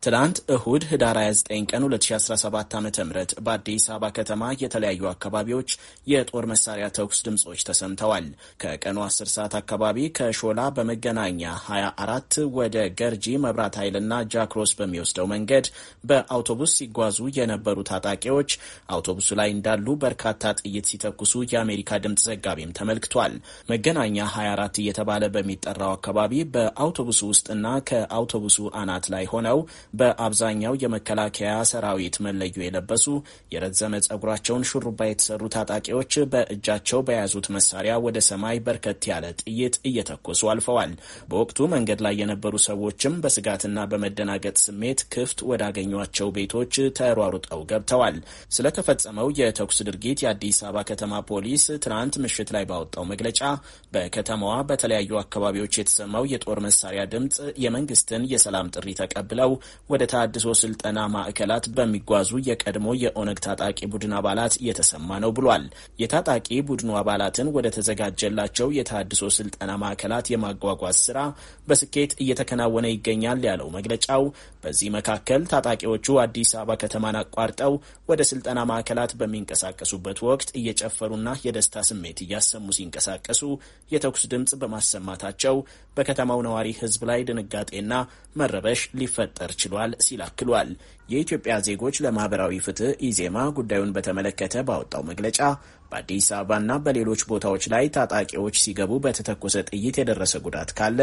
ትናንት እሁድ ህዳር 29 ቀን 2017 ዓ ም በአዲስ አበባ ከተማ የተለያዩ አካባቢዎች የጦር መሳሪያ ተኩስ ድምፆች ተሰምተዋል። ከቀኑ 10 ሰዓት አካባቢ ከሾላ በመገናኛ 24 ወደ ገርጂ መብራት ኃይልና ጃክሮስ በሚወስደው መንገድ በአውቶቡስ ሲጓዙ የነበሩ ታጣቂዎች አውቶቡሱ ላይ እንዳሉ በርካታ ጥይት ሲተኩሱ የአሜሪካ ድምፅ ዘጋቢም ተመልክቷል። መገናኛ 24 እየተባለ በሚጠራው አካባቢ በአውቶቡሱ ውስጥና ከአውቶቡሱ አናት ላይ ሆነው በአብዛኛው የመከላከያ ሰራዊት መለዮ የለበሱ የረዘመ ጸጉራቸውን ሹሩባ የተሰሩ ታጣቂዎች በእጃቸው በያዙት መሳሪያ ወደ ሰማይ በርከት ያለ ጥይት እየተኮሱ አልፈዋል። በወቅቱ መንገድ ላይ የነበሩ ሰዎችም በስጋትና በመደናገጥ ስሜት ክፍት ወዳገኟቸው ቤቶች ተሯሩጠው ገብተዋል። ስለተፈጸመው የተኩስ ድርጊት የአዲስ አበባ ከተማ ፖሊስ ትናንት ምሽት ላይ ባወጣው መግለጫ በከተማዋ በተለያዩ አካባቢዎች የተሰማው የጦር መሳሪያ ድምፅ የመንግስትን የሰላም ጥሪ ተቀብለው ወደ ታድሶ ስልጠና ማዕከላት በሚጓዙ የቀድሞ የኦነግ ታጣቂ ቡድን አባላት እየተሰማ ነው ብሏል። የታጣቂ ቡድኑ አባላትን ወደ ተዘጋጀላቸው የታድሶ ስልጠና ማዕከላት የማጓጓዝ ስራ በስኬት እየተከናወነ ይገኛል ያለው መግለጫው፣ በዚህ መካከል ታጣቂዎቹ አዲስ አበባ ከተማን አቋርጠው ወደ ስልጠና ማዕከላት በሚንቀሳቀሱበት ወቅት እየጨፈሩና የደስታ ስሜት እያሰሙ ሲንቀሳቀሱ የተኩስ ድምፅ በማሰማታቸው በከተማው ነዋሪ ህዝብ ላይ ድንጋጤና መረበሽ ሊፈጠር ችሏል ተደርገዋል ሲል አክሏል። የኢትዮጵያ ዜጎች ለማህበራዊ ፍትህ ኢዜማ ጉዳዩን በተመለከተ ባወጣው መግለጫ በአዲስ አበባና በሌሎች ቦታዎች ላይ ታጣቂዎች ሲገቡ በተተኮሰ ጥይት የደረሰ ጉዳት ካለ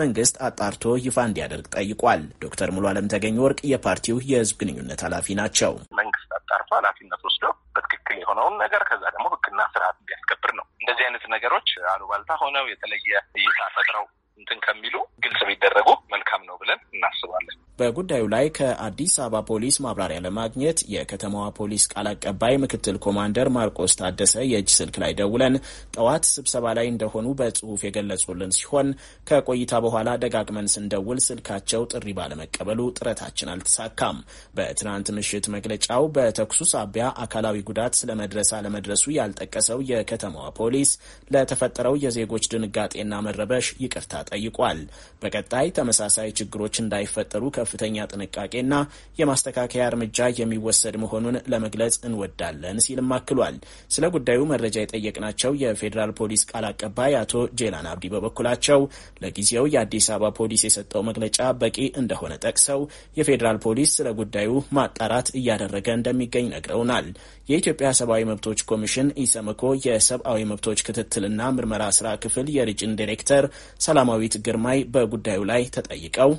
መንግስት አጣርቶ ይፋ እንዲያደርግ ጠይቋል። ዶክተር ሙሉ አለም ተገኝ ወርቅ የፓርቲው የህዝብ ግንኙነት ኃላፊ ናቸው። መንግስት አጣርቶ ኃላፊነት ወስዶ በትክክል የሆነውን ነገር ከዛ ደግሞ ህግና ስርዓት እንዲያስከብር ነው። እንደዚህ አይነት ነገሮች አሉባልታ ሆነው የተለየ እይታ ፈጥረው እንትን ከሚሉ ግልጽ ቢደረጉ መልካም ነው ብለን እናስባለን። በጉዳዩ ላይ ከአዲስ አበባ ፖሊስ ማብራሪያ ለማግኘት የከተማዋ ፖሊስ ቃል አቀባይ ምክትል ኮማንደር ማርቆስ ታደሰ የእጅ ስልክ ላይ ደውለን ጠዋት ስብሰባ ላይ እንደሆኑ በጽሁፍ የገለጹልን ሲሆን ከቆይታ በኋላ ደጋግመን ስንደውል ስልካቸው ጥሪ ባለመቀበሉ ጥረታችን አልተሳካም። በትናንት ምሽት መግለጫው በተኩሱ ሳቢያ አካላዊ ጉዳት ስለመድረስ አለመድረሱ ያልጠቀሰው የከተማዋ ፖሊስ ለተፈጠረው የዜጎች ድንጋጤና መረበሽ ይቅርታ ጠይቋል። በቀጣይ ተመሳሳይ ችግሮች እንዳይፈጠሩ ከፍተኛ ጥንቃቄና የማስተካከያ እርምጃ የሚወሰድ መሆኑን ለመግለጽ እንወዳለን ሲልም አክሏል። ስለ ጉዳዩ መረጃ የጠየቅናቸው የፌዴራል ፖሊስ ቃል አቀባይ አቶ ጄላን አብዲ በበኩላቸው ለጊዜው የአዲስ አበባ ፖሊስ የሰጠው መግለጫ በቂ እንደሆነ ጠቅሰው የፌዴራል ፖሊስ ስለ ጉዳዩ ማጣራት እያደረገ እንደሚገኝ ነግረውናል። የኢትዮጵያ ሰብአዊ መብቶች ኮሚሽን ኢሰመኮ የሰብአዊ መብቶች ክትትልና ምርመራ ስራ ክፍል የርጭን ዲሬክተር ሰላማ ሰላማዊት ግርማይ በጉዳዩ ላይ ተጠይቀው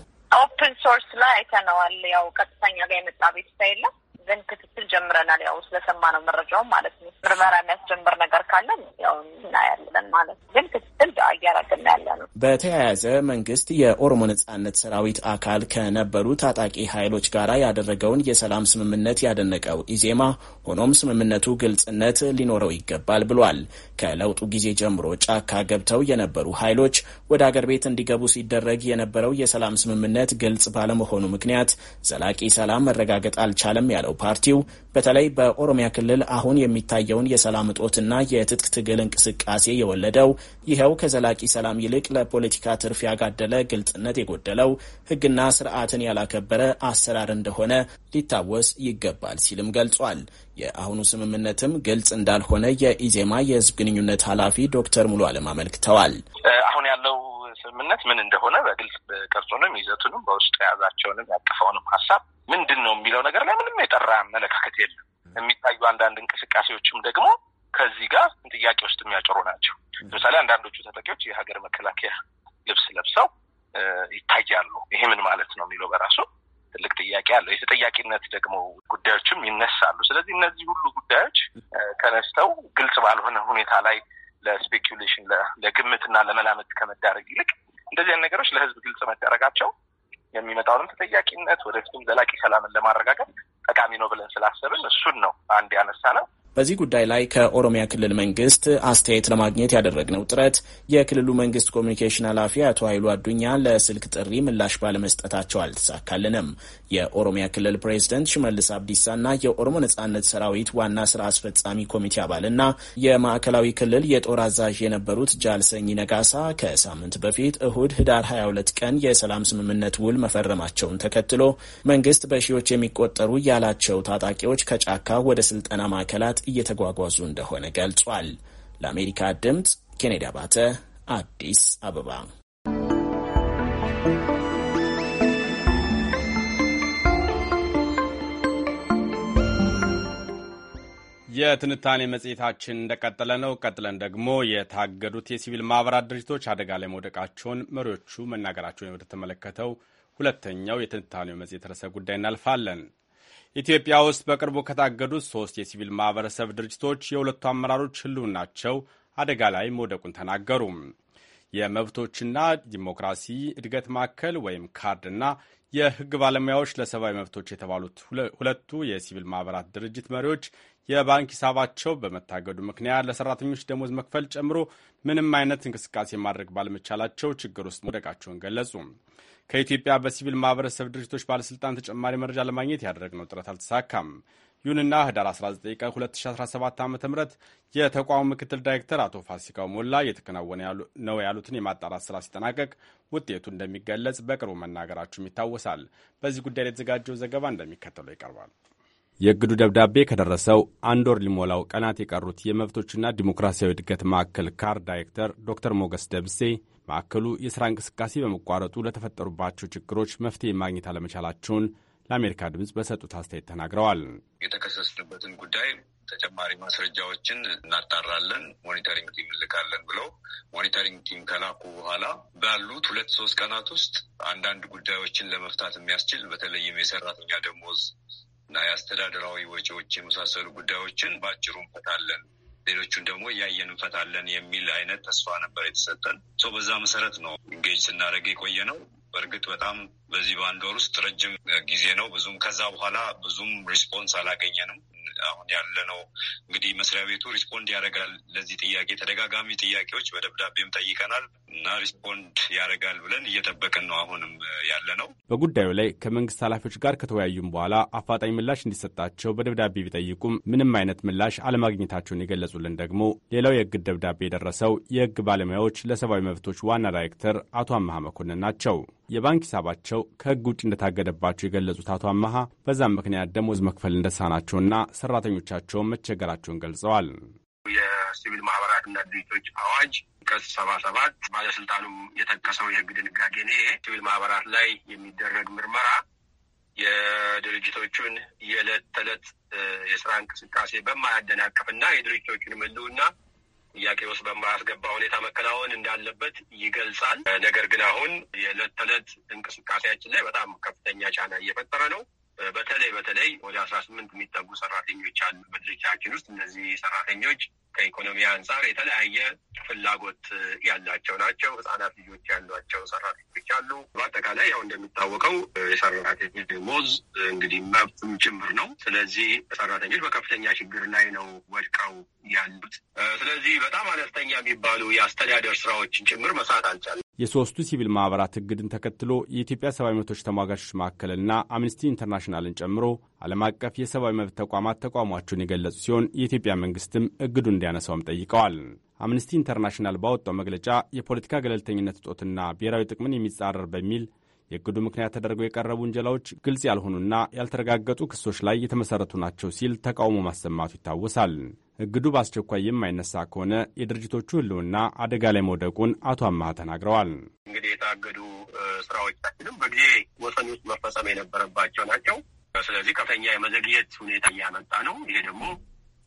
ኦፕን ሶርስ ላይ አይተነዋል። ያው ቀጥተኛ ጋር የመጣ ቤት የለም ዘንድ ክትትል ጀምረናል። ያው ስለሰማ ነው መረጃውም ማለት ነው። ምርመራ የሚያስጀምር ነገር ካለን ያው እናያለን ማለት ነው። ግን ክትትል እያረግን ያለ ነው። በተያያዘ መንግስት የኦሮሞ ነጻነት ሰራዊት አካል ከነበሩ ታጣቂ ኃይሎች ጋር ያደረገውን የሰላም ስምምነት ያደነቀው ኢዜማ ሆኖም ስምምነቱ ግልጽነት ሊኖረው ይገባል ብሏል። ከለውጡ ጊዜ ጀምሮ ጫካ ገብተው የነበሩ ኃይሎች ወደ አገር ቤት እንዲገቡ ሲደረግ የነበረው የሰላም ስምምነት ግልጽ ባለመሆኑ ምክንያት ዘላቂ ሰላም መረጋገጥ አልቻለም ያለው ያለው ፓርቲው በተለይ በኦሮሚያ ክልል አሁን የሚታየውን የሰላም እጦትና የትጥቅ ትግል እንቅስቃሴ የወለደው ይኸው ከዘላቂ ሰላም ይልቅ ለፖለቲካ ትርፍ ያጋደለ ግልጽነት የጎደለው ሕግና ስርዓትን ያላከበረ አሰራር እንደሆነ ሊታወስ ይገባል ሲልም ገልጿል። የአሁኑ ስምምነትም ግልጽ እንዳልሆነ የኢዜማ የህዝብ ግንኙነት ኃላፊ ዶክተር ሙሉ አለም አመልክተዋል። አሁን ያለው ስምምነት ምን እንደሆነ በግልጽ ቅርጹንም ይዘቱንም በውስጡ የያዛቸውንም ያቀፈውንም ሀሳብ ምንድን ነው የሚለው ነገር ላይ ምንም የጠራ አመለካከት የለም። የሚታዩ አንዳንድ እንቅስቃሴዎችም ደግሞ ከዚህ ጋር ጥያቄ ውስጥ የሚያጭሩ ናቸው። ለምሳሌ አንዳንዶቹ ተጠቂዎች የሀገር መከላከያ ልብስ ለብሰው ይታያሉ። ይሄ ምን ማለት ነው የሚለው በራሱ ትልቅ ጥያቄ አለው። የተጠያቂነት ደግሞ ጉዳዮችም ይነሳሉ። ስለዚህ እነዚህ ሁሉ ጉዳዮች ተነስተው ግልጽ ባልሆነ ሁኔታ ላይ ለስፔኩሌሽን ለግምትና ለመላመት ከመዳረግ ይልቅ እንደዚህ ነገሮች ለሕዝብ ግልጽ መደረጋቸው የሚመጣውንም ተጠያቂነት ወደፊትም ዘላቂ ሰላምን ለማረጋገጥ ጠቃሚ ነው ብለን ስላሰብን እሱን ነው አንድ ያነሳ ነው። በዚህ ጉዳይ ላይ ከኦሮሚያ ክልል መንግስት አስተያየት ለማግኘት ያደረግነው ጥረት የክልሉ መንግስት ኮሚኒኬሽን ኃላፊ አቶ ኃይሉ አዱኛ ለስልክ ጥሪ ምላሽ ባለመስጠታቸው አልተሳካልንም። የኦሮሚያ ክልል ፕሬዝደንት ሽመልስ አብዲሳና የኦሮሞ ነጻነት ሰራዊት ዋና ስራ አስፈጻሚ ኮሚቴ አባልና የማዕከላዊ ክልል የጦር አዛዥ የነበሩት ጃልሰኝ ነጋሳ ከሳምንት በፊት እሁድ ህዳር 22 ቀን የሰላም ስምምነት ውል መፈረማቸውን ተከትሎ መንግስት በሺዎች የሚቆጠሩ ያላቸው ታጣቂዎች ከጫካ ወደ ስልጠና ማዕከላት እየተጓጓዙ እንደሆነ ገልጿል። ለአሜሪካ ድምፅ ኬኔዲ አባተ አዲስ አበባ። የትንታኔ መጽሔታችን እንደቀጠለ ነው። ቀጥለን ደግሞ የታገዱት የሲቪል ማኅበራት ድርጅቶች አደጋ ላይ መውደቃቸውን መሪዎቹ መናገራቸውን ወደተመለከተው ተመለከተው ሁለተኛው የትንታኔው መጽሔት ርዕሰ ጉዳይ እናልፋለን። ኢትዮጵያ ውስጥ በቅርቡ ከታገዱት ሶስት የሲቪል ማህበረሰብ ድርጅቶች የሁለቱ አመራሮች ህልውናቸው አደጋ ላይ መውደቁን ተናገሩ። የመብቶችና ዲሞክራሲ እድገት ማዕከል ወይም ካርድና የህግ ባለሙያዎች ለሰብአዊ መብቶች የተባሉት ሁለቱ የሲቪል ማህበራት ድርጅት መሪዎች የባንክ ሂሳባቸው በመታገዱ ምክንያት ለሰራተኞች ደሞዝ መክፈል ጨምሮ ምንም አይነት እንቅስቃሴ ማድረግ ባለመቻላቸው ችግር ውስጥ መውደቃቸውን ገለጹ። ከኢትዮጵያ በሲቪል ማህበረሰብ ድርጅቶች ባለስልጣን ተጨማሪ መረጃ ለማግኘት ያደረግነው ጥረት አልተሳካም። ይሁንና ህዳር 19 ቀን 2017 ዓ ም የተቋሙ ምክትል ዳይሬክተር አቶ ፋሲካው ሞላ እየተከናወነ ነው ያሉትን የማጣራት ስራ ሲጠናቀቅ ውጤቱ እንደሚገለጽ በቅርቡ መናገራችሁም ይታወሳል። በዚህ ጉዳይ የተዘጋጀው ዘገባ እንደሚከተለው ይቀርባል። የእግዱ ደብዳቤ ከደረሰው አንድ ወር ሊሞላው ቀናት የቀሩት የመብቶችና ዲሞክራሲያዊ እድገት ማዕከል ካር ዳይሬክተር ዶክተር ሞገስ ደብሴ ማዕከሉ የሥራ እንቅስቃሴ በመቋረጡ ለተፈጠሩባቸው ችግሮች መፍትሄ ማግኘት አለመቻላቸውን ለአሜሪካ ድምፅ በሰጡት አስተያየት ተናግረዋል። የተከሰስንበትን ጉዳይ ተጨማሪ ማስረጃዎችን እናጣራለን፣ ሞኒተሪንግ ቲም እንልካለን ብለው ሞኒተሪንግ ቲም ከላኩ በኋላ ባሉት ሁለት ሶስት ቀናት ውስጥ አንዳንድ ጉዳዮችን ለመፍታት የሚያስችል በተለይም የሰራተኛ ደሞዝ እና የአስተዳደራዊ ወጪዎች የመሳሰሉ ጉዳዮችን በአጭሩ እንፈታለን ሌሎቹን ደግሞ እያየን እንፈታለን የሚል አይነት ተስፋ ነበር የተሰጠን። በዛ መሰረት ነው ኢንጌጅ ስናደርግ የቆየ ነው። በእርግጥ በጣም በዚህ በአንድ ወር ውስጥ ረጅም ጊዜ ነው። ብዙም ከዛ በኋላ ብዙም ሪስፖንስ አላገኘንም። አሁን ያለነው እንግዲህ መስሪያ ቤቱ ሪስፖንድ ያደርጋል ለዚህ ጥያቄ። ተደጋጋሚ ጥያቄዎች በደብዳቤም ጠይቀናል እና ሪስፖንድ ያደርጋል ብለን እየጠበቅን ነው አሁንም ያለነው። በጉዳዩ ላይ ከመንግስት ኃላፊዎች ጋር ከተወያዩም በኋላ አፋጣኝ ምላሽ እንዲሰጣቸው በደብዳቤ ቢጠይቁም ምንም አይነት ምላሽ አለማግኘታቸውን የገለጹልን ደግሞ ሌላው የእግድ ደብዳቤ የደረሰው የህግ ባለሙያዎች ለሰብአዊ መብቶች ዋና ዳይሬክተር አቶ አመሀ መኮንን ናቸው። የባንክ ሂሳባቸው ከህግ ውጭ እንደታገደባቸው የገለጹት አቶ አመሃ በዛም ምክንያት ደሞዝ መክፈል እንደሳናቸውና ሰራተኞቻቸውን መቸገራቸውን ገልጸዋል። የሲቪል ማህበራትና ድርጅቶች አዋጅ ቀስ ሰባ ሰባት ባለስልጣኑም የጠቀሰው የህግ ድንጋጌ ነው። ሲቪል ማህበራት ላይ የሚደረግ ምርመራ የድርጅቶቹን የዕለት ተዕለት የስራ እንቅስቃሴ በማያደናቅፍና የድርጅቶቹን ምልውና ጥያቄ ውስጥ በማያስገባ ሁኔታ መከናወን እንዳለበት ይገልጻል። ነገር ግን አሁን የዕለት ተዕለት እንቅስቃሴያችን ላይ በጣም ከፍተኛ ጫና እየፈጠረ ነው። በተለይ በተለይ ወደ አስራ ስምንት የሚጠጉ ሰራተኞች አሉ በድርጅታችን ውስጥ እነዚህ ሰራተኞች ከኢኮኖሚ አንጻር የተለያየ ፍላጎት ያላቸው ናቸው። ህጻናት ልጆች ያሏቸው ሰራተኞች አሉ። በአጠቃላይ ያው እንደሚታወቀው የሰራተኞች ደሞዝ እንግዲህ መብትም ጭምር ነው። ስለዚህ ሰራተኞች በከፍተኛ ችግር ላይ ነው ወድቀው ያሉት። ስለዚህ በጣም አነስተኛ የሚባሉ የአስተዳደር ስራዎችን ጭምር መስራት አልቻለም። የሶስቱ ሲቪል ማኅበራት እግድን ተከትሎ የኢትዮጵያ ሰብአዊ መብቶች ተሟጋቾች ማዕከልና አምነስቲ ኢንተርናሽናልን ጨምሮ ዓለም አቀፍ የሰብአዊ መብት ተቋማት ተቋሟቸውን የገለጹ ሲሆን የኢትዮጵያ መንግሥትም እግዱ እንዲያነሳውም ጠይቀዋል። አምነስቲ ኢንተርናሽናል ባወጣው መግለጫ የፖለቲካ ገለልተኝነት እጦትና ብሔራዊ ጥቅምን የሚጻረር በሚል የእግዱ ምክንያት ተደርገው የቀረቡ ውንጀላዎች ግልጽ ያልሆኑና ያልተረጋገጡ ክሶች ላይ የተመሠረቱ ናቸው ሲል ተቃውሞ ማሰማቱ ይታወሳል። እግዱ በአስቸኳይ የማይነሳ ከሆነ የድርጅቶቹ ህልውና አደጋ ላይ መውደቁን አቶ አማሃ ተናግረዋል። እንግዲህ የታገዱ ስራዎቻችንም በጊዜ ወሰን ውስጥ መፈጸም የነበረባቸው ናቸው። ስለዚህ ከፍተኛ የመዘግየት ሁኔታ እያመጣ ነው። ይሄ ደግሞ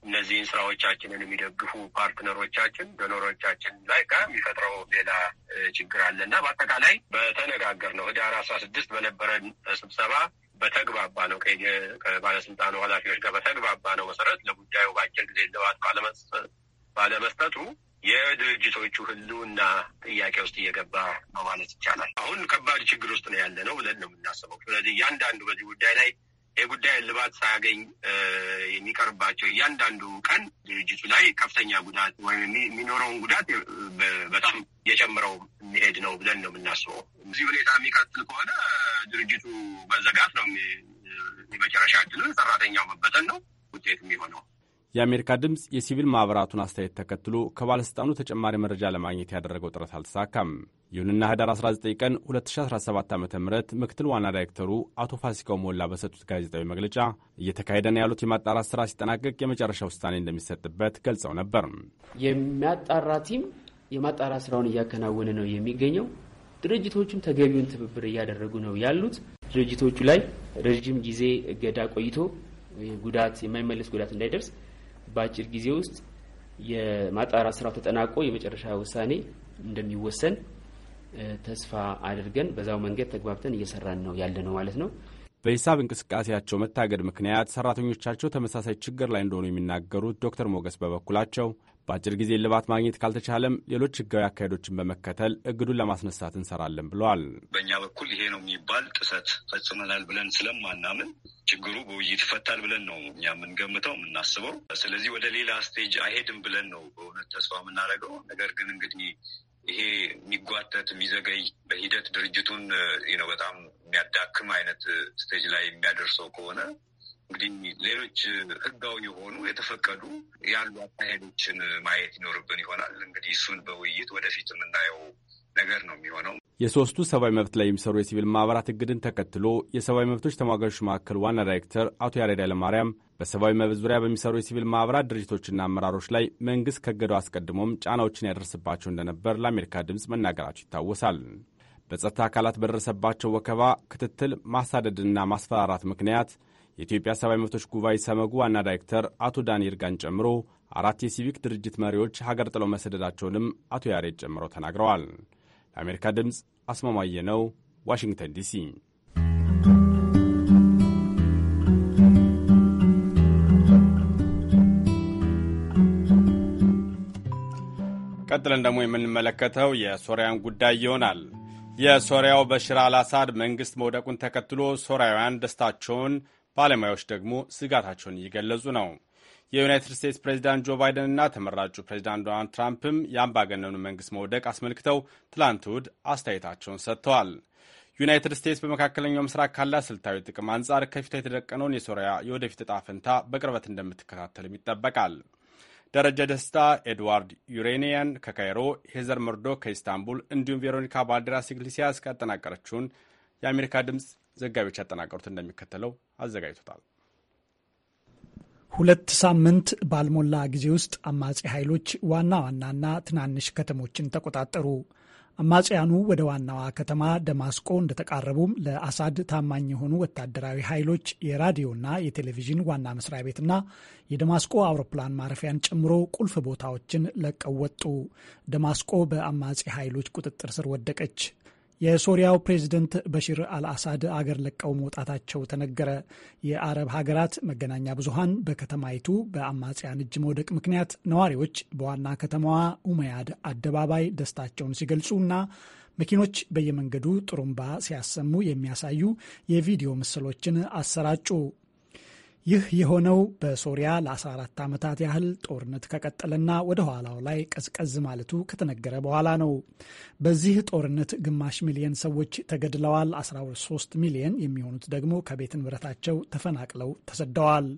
እነዚህን ስራዎቻችንን የሚደግፉ ፓርትነሮቻችን፣ ዶኖሮቻችን ላይ ጋር የሚፈጥረው ሌላ ችግር አለ እና በአጠቃላይ በተነጋገር ነው ህዳር አስራ ስድስት በነበረን ስብሰባ በተግባባ ነው ከባለስልጣኑ ኃላፊዎች ጋር በተግባባ ነው መሰረት ለጉዳዩ በአጭር ጊዜ እልባት ባለመስጠቱ የድርጅቶቹ ህልውና ጥያቄ ውስጥ እየገባ ነው ማለት ይቻላል። አሁን ከባድ ችግር ውስጥ ነው ያለ ነው ብለን ነው የምናስበው። ስለዚህ እያንዳንዱ በዚህ ጉዳይ ላይ የጉዳይ እልባት ሳያገኝ የሚቀርባቸው እያንዳንዱ ቀን ድርጅቱ ላይ ከፍተኛ ጉዳት ወይም የሚኖረውን ጉዳት በጣም የጨምረው የሚሄድ ነው ብለን ነው የምናስበው። እዚህ ሁኔታ የሚቀጥል ከሆነ ድርጅቱ መዘጋት ነው የመጨረሻ ዕድል፣ ሰራተኛው መበተን ነው ውጤት የሚሆነው። የአሜሪካ ድምፅ የሲቪል ማኅበራቱን አስተያየት ተከትሎ ከባለሥልጣኑ ተጨማሪ መረጃ ለማግኘት ያደረገው ጥረት አልተሳካም። ይሁንና ህዳር 19 ቀን 2017 ዓ ም ምክትል ዋና ዳይሬክተሩ አቶ ፋሲካው ሞላ በሰጡት ጋዜጣዊ መግለጫ እየተካሄደ ነው ያሉት የማጣራት ሥራ ሲጠናቀቅ የመጨረሻ ውሳኔ እንደሚሰጥበት ገልጸው ነበር። የሚያጣራ ቲም የማጣራት ሥራውን እያከናወነ ነው የሚገኘው። ድርጅቶቹም ተገቢውን ትብብር እያደረጉ ነው ያሉት። ድርጅቶቹ ላይ ረዥም ጊዜ እገዳ ቆይቶ ጉዳት የማይመለስ ጉዳት እንዳይደርስ በአጭር ጊዜ ውስጥ የማጣራት ስራው ተጠናቆ የመጨረሻ ውሳኔ እንደሚወሰን ተስፋ አድርገን በዛው መንገድ ተግባብተን እየሰራን ነው ያለ ነው ማለት ነው። በሂሳብ እንቅስቃሴያቸው መታገድ ምክንያት ሰራተኞቻቸው ተመሳሳይ ችግር ላይ እንደሆኑ የሚናገሩት ዶክተር ሞገስ በበኩላቸው በአጭር ጊዜ እልባት ማግኘት ካልተቻለም ሌሎች ህጋዊ አካሄዶችን በመከተል እግዱን ለማስነሳት እንሰራለን ብለዋል። በእኛ በኩል ይሄ ነው የሚባል ጥሰት ፈጽመናል ብለን ስለማናምን ችግሩ በውይይት ይፈታል ብለን ነው እኛ የምንገምተው የምናስበው። ስለዚህ ወደ ሌላ ስቴጅ አይሄድም ብለን ነው በእውነት ተስፋ የምናደርገው። ነገር ግን እንግዲህ ይሄ የሚጓተት የሚዘገይ በሂደት ድርጅቱን ነው በጣም የሚያዳክም አይነት ስቴጅ ላይ የሚያደርሰው ከሆነ እንግዲህ ሌሎች ህጋዊ የሆኑ የተፈቀዱ ያሉ አካሄዶችን ማየት ይኖርብን ይሆናል። እንግዲህ እሱን በውይይት ወደፊት የምናየው ነገር ነው የሚሆነው። የሶስቱ ሰብአዊ መብት ላይ የሚሰሩ የሲቪል ማህበራት እግድን ተከትሎ የሰብአዊ መብቶች ተሟጋቾች መካከል ዋና ዳይሬክተር አቶ ያሬድ ኃይለማርያም በሰብአዊ መብት ዙሪያ በሚሰሩ የሲቪል ማህበራት ድርጅቶችና አመራሮች ላይ መንግስት ከገደው አስቀድሞም ጫናዎችን ያደርስባቸው እንደነበር ለአሜሪካ ድምፅ መናገራቸው ይታወሳል። በጸጥታ አካላት በደረሰባቸው ወከባ፣ ክትትል፣ ማሳደድና ማስፈራራት ምክንያት የኢትዮጵያ ሰብአዊ መብቶች ጉባኤ ሰመጉ ዋና ዳይሬክተር አቶ ዳንኤል ጋን ጨምሮ አራት የሲቪክ ድርጅት መሪዎች ሀገር ጥለው መሰደዳቸውንም አቶ ያሬድ ጨምረው ተናግረዋል። ለአሜሪካ ድምፅ አስማማየ ነው፣ ዋሽንግተን ዲሲ። ቀጥለን ደግሞ የምንመለከተው የሶሪያን ጉዳይ ይሆናል። የሶሪያው በሽር አልአሳድ መንግሥት መውደቁን ተከትሎ ሶሪያውያን ደስታቸውን ባለሙያዎች ደግሞ ስጋታቸውን እየገለጹ ነው። የዩናይትድ ስቴትስ ፕሬዚዳንት ጆ ባይደን እና ተመራጩ ፕሬዚዳንት ዶናልድ ትራምፕም የአምባገነኑ መንግስት መውደቅ አስመልክተው ትላንት እሁድ አስተያየታቸውን ሰጥተዋል። ዩናይትድ ስቴትስ በመካከለኛው ምስራቅ ካላት ስልታዊ ጥቅም አንጻር ከፊቷ የተደቀነውን የሶሪያ የወደፊት እጣ ፈንታ በቅርበት እንደምትከታተልም ይጠበቃል። ደረጃ ደስታ፣ ኤድዋርድ ዩሬኒያን ከካይሮ፣ ሄዘር መርዶ ከኢስታንቡል እንዲሁም ቬሮኒካ ባልዴራስ ኢግሊሲያስ ያጠናቀረችውን የአሜሪካ ድምፅ ዘጋቢዎች ያጠናቀሩት እንደሚከተለው አዘጋጅቶታል። ሁለት ሳምንት ባልሞላ ጊዜ ውስጥ አማጺ ኃይሎች ዋና ዋናና ትናንሽ ከተሞችን ተቆጣጠሩ። አማጽያኑ ወደ ዋናዋ ከተማ ደማስቆ እንደተቃረቡም ለአሳድ ታማኝ የሆኑ ወታደራዊ ኃይሎች የራዲዮና የቴሌቪዥን ዋና መስሪያ ቤትና የደማስቆ አውሮፕላን ማረፊያን ጨምሮ ቁልፍ ቦታዎችን ለቀው ወጡ። ደማስቆ በአማጺ ኃይሎች ቁጥጥር ስር ወደቀች። የሶሪያው ፕሬዝደንት በሽር አልአሳድ አገር ለቀው መውጣታቸው ተነገረ። የአረብ ሀገራት መገናኛ ብዙሃን በከተማይቱ በአማጽያን እጅ መውደቅ ምክንያት ነዋሪዎች በዋና ከተማዋ ኡመያድ አደባባይ ደስታቸውን ሲገልጹ እና መኪኖች በየመንገዱ ጥሩምባ ሲያሰሙ የሚያሳዩ የቪዲዮ ምስሎችን አሰራጩ። ይህ የሆነው በሶሪያ ለ14 ዓመታት ያህል ጦርነት ከቀጠለና ወደ ኋላው ላይ ቀዝቀዝ ማለቱ ከተነገረ በኋላ ነው። በዚህ ጦርነት ግማሽ ሚሊየን ሰዎች ተገድለዋል። 13 ሚሊየን የሚሆኑት ደግሞ ከቤት ንብረታቸው ተፈናቅለው ተሰደዋል።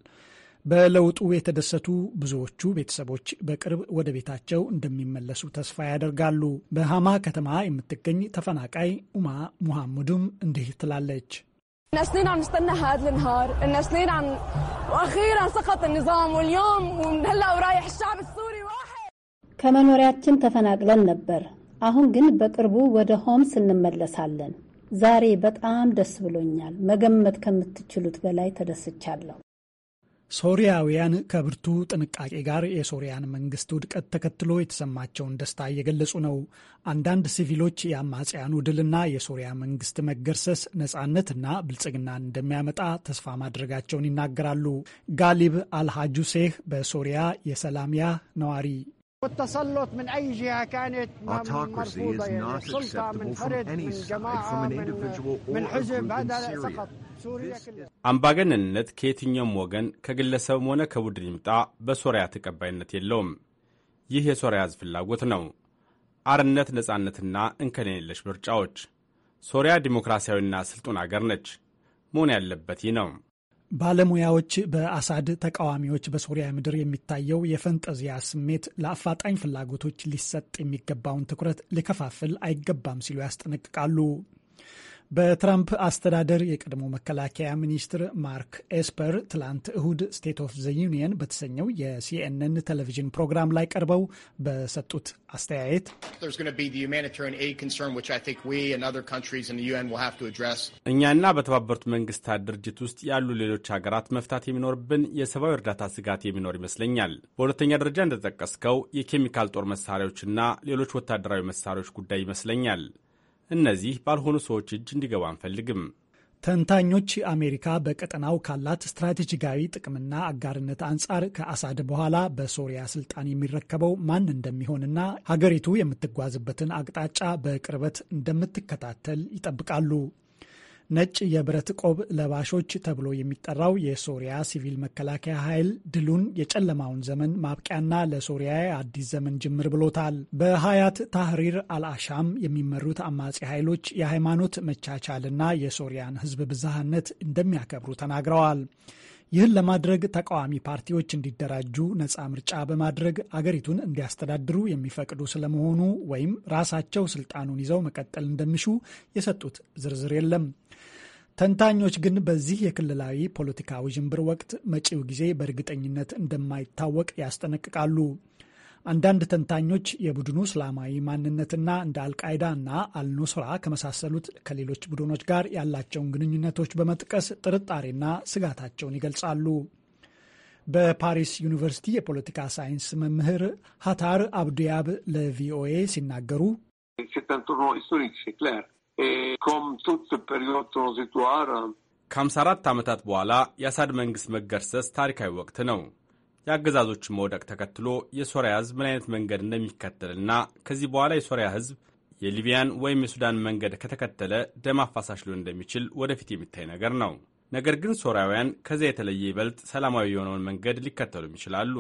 በለውጡ የተደሰቱ ብዙዎቹ ቤተሰቦች በቅርብ ወደ ቤታቸው እንደሚመለሱ ተስፋ ያደርጋሉ። በሃማ ከተማ የምትገኝ ተፈናቃይ ኡማ ሙሐሙድም እንዲህ ትላለች። لنا سنين عم نستنى هذا النهار، لنا سنين عم واخيرا سقط النظام واليوم ومن هلا ورايح الشعب السوري واحد ከመኖሪያችን ተፈናቅለን ነበር። አሁን ግን በቅርቡ ወደ ሆምስ እንመለሳለን። ዛሬ በጣም ደስ ብሎኛል። መገመት ከምትችሉት በላይ ተደስቻለሁ። ሶሪያውያን ከብርቱ ጥንቃቄ ጋር የሶሪያን መንግስት ውድቀት ተከትሎ የተሰማቸውን ደስታ እየገለጹ ነው። አንዳንድ ሲቪሎች የአማጽያኑ ድልና የሶሪያ መንግስት መገርሰስ ነጻነትና ብልጽግናን እንደሚያመጣ ተስፋ ማድረጋቸውን ይናገራሉ። ጋሊብ አልሃጁሴህ በሶሪያ የሰላሚያ ነዋሪ والتسلط من አምባገነንነት ከየትኛውም ወገን ከግለሰብም ሆነ ከቡድን ይምጣ በሶሪያ ተቀባይነት የለውም። ይህ የሶሪያ ሕዝብ ፍላጎት ነው። አርነት፣ ነጻነትና እንከን የለሽ ምርጫዎች። ሶሪያ ዲሞክራሲያዊና ስልጡን አገር ነች። መሆን ያለበት ይህ ነው። ባለሙያዎች በአሳድ ተቃዋሚዎች በሶሪያ ምድር የሚታየው የፈንጠዚያ ስሜት ለአፋጣኝ ፍላጎቶች ሊሰጥ የሚገባውን ትኩረት ሊከፋፍል አይገባም ሲሉ ያስጠነቅቃሉ። በትራምፕ አስተዳደር የቀድሞ መከላከያ ሚኒስትር ማርክ ኤስፐር ትላንት እሁድ ስቴት ኦፍ ዘ ዩኒየን በተሰኘው የሲኤንን ቴሌቪዥን ፕሮግራም ላይ ቀርበው በሰጡት አስተያየት እኛና በተባበሩት መንግስታት ድርጅት ውስጥ ያሉ ሌሎች ሀገራት መፍታት የሚኖርብን የሰብአዊ እርዳታ ስጋት የሚኖር ይመስለኛል። በሁለተኛ ደረጃ እንደጠቀስከው የኬሚካል ጦር መሳሪያዎችና ሌሎች ወታደራዊ መሳሪያዎች ጉዳይ ይመስለኛል። እነዚህ ባልሆኑ ሰዎች እጅ እንዲገባ አንፈልግም። ተንታኞች አሜሪካ በቀጠናው ካላት ስትራቴጂካዊ ጥቅምና አጋርነት አንጻር ከአሳድ በኋላ በሶሪያ ስልጣን የሚረከበው ማን እንደሚሆንና ሀገሪቱ የምትጓዝበትን አቅጣጫ በቅርበት እንደምትከታተል ይጠብቃሉ። ነጭ የብረት ቆብ ለባሾች ተብሎ የሚጠራው የሶሪያ ሲቪል መከላከያ ኃይል ድሉን የጨለማውን ዘመን ማብቂያና ለሶሪያ አዲስ ዘመን ጅምር ብሎታል። በሀያት ታህሪር አልአሻም የሚመሩት አማጺ ኃይሎች የሃይማኖት መቻቻልና የሶሪያን ህዝብ ብዝሃነት እንደሚያከብሩ ተናግረዋል። ይህን ለማድረግ ተቃዋሚ ፓርቲዎች እንዲደራጁ ነጻ ምርጫ በማድረግ አገሪቱን እንዲያስተዳድሩ የሚፈቅዱ ስለመሆኑ ወይም ራሳቸው ስልጣኑን ይዘው መቀጠል እንደሚሹ የሰጡት ዝርዝር የለም። ተንታኞች ግን በዚህ የክልላዊ ፖለቲካ ውዥንብር ወቅት መጪው ጊዜ በእርግጠኝነት እንደማይታወቅ ያስጠነቅቃሉ። አንዳንድ ተንታኞች የቡድኑ እስላማዊ ማንነትና እንደ አልቃይዳ እና አልኑስራ ከመሳሰሉት ከሌሎች ቡድኖች ጋር ያላቸውን ግንኙነቶች በመጥቀስ ጥርጣሬና ስጋታቸውን ይገልጻሉ። በፓሪስ ዩኒቨርሲቲ የፖለቲካ ሳይንስ መምህር ሀታር አብዱያብ ለቪኦኤ ሲናገሩ ከ54 ዓመታት በኋላ የአሳድ መንግሥት መገርሰስ ታሪካዊ ወቅት ነው። የአገዛዞችን መውደቅ ተከትሎ የሶሪያ ህዝብ ምን አይነት መንገድ እንደሚከተልና ከዚህ በኋላ የሶሪያ ህዝብ የሊቢያን ወይም የሱዳን መንገድ ከተከተለ ደም አፋሳሽ ሊሆን እንደሚችል ወደፊት የሚታይ ነገር ነው። ነገር ግን ሶሪያውያን ከዚያ የተለየ ይበልጥ ሰላማዊ የሆነውን መንገድ ሊከተሉም ይችላሉ።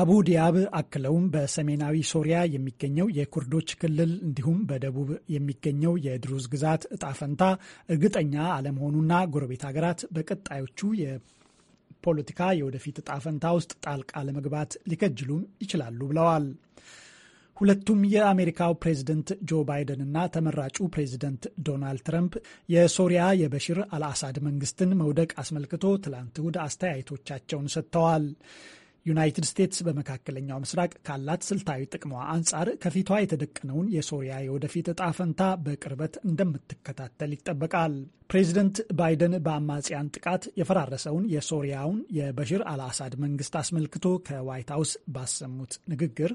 አቡ ዲያብ አክለውም በሰሜናዊ ሶሪያ የሚገኘው የኩርዶች ክልል እንዲሁም በደቡብ የሚገኘው የድሩዝ ግዛት እጣ ፈንታ እርግጠኛ አለመሆኑና ጎረቤት ሀገራት በቀጣዮቹ ፖለቲካ የወደፊት እጣ ፈንታ ውስጥ ጣልቃ ለመግባት ሊከጅሉም ይችላሉ ብለዋል። ሁለቱም የአሜሪካው ፕሬዝደንት ጆ ባይደን እና ተመራጩ ፕሬዝደንት ዶናልድ ትራምፕ የሶሪያ የበሽር አልአሳድ መንግስትን መውደቅ አስመልክቶ ትላንት እሁድ አስተያየቶቻቸውን ሰጥተዋል። ዩናይትድ ስቴትስ በመካከለኛው ምስራቅ ካላት ስልታዊ ጥቅሟ አንጻር ከፊቷ የተደቀነውን የሶሪያ የወደፊት እጣ ፈንታ በቅርበት እንደምትከታተል ይጠበቃል። ፕሬዚደንት ባይደን በአማጽያን ጥቃት የፈራረሰውን የሶሪያውን የበሽር አልአሳድ መንግስት አስመልክቶ ከዋይት ሀውስ ባሰሙት ንግግር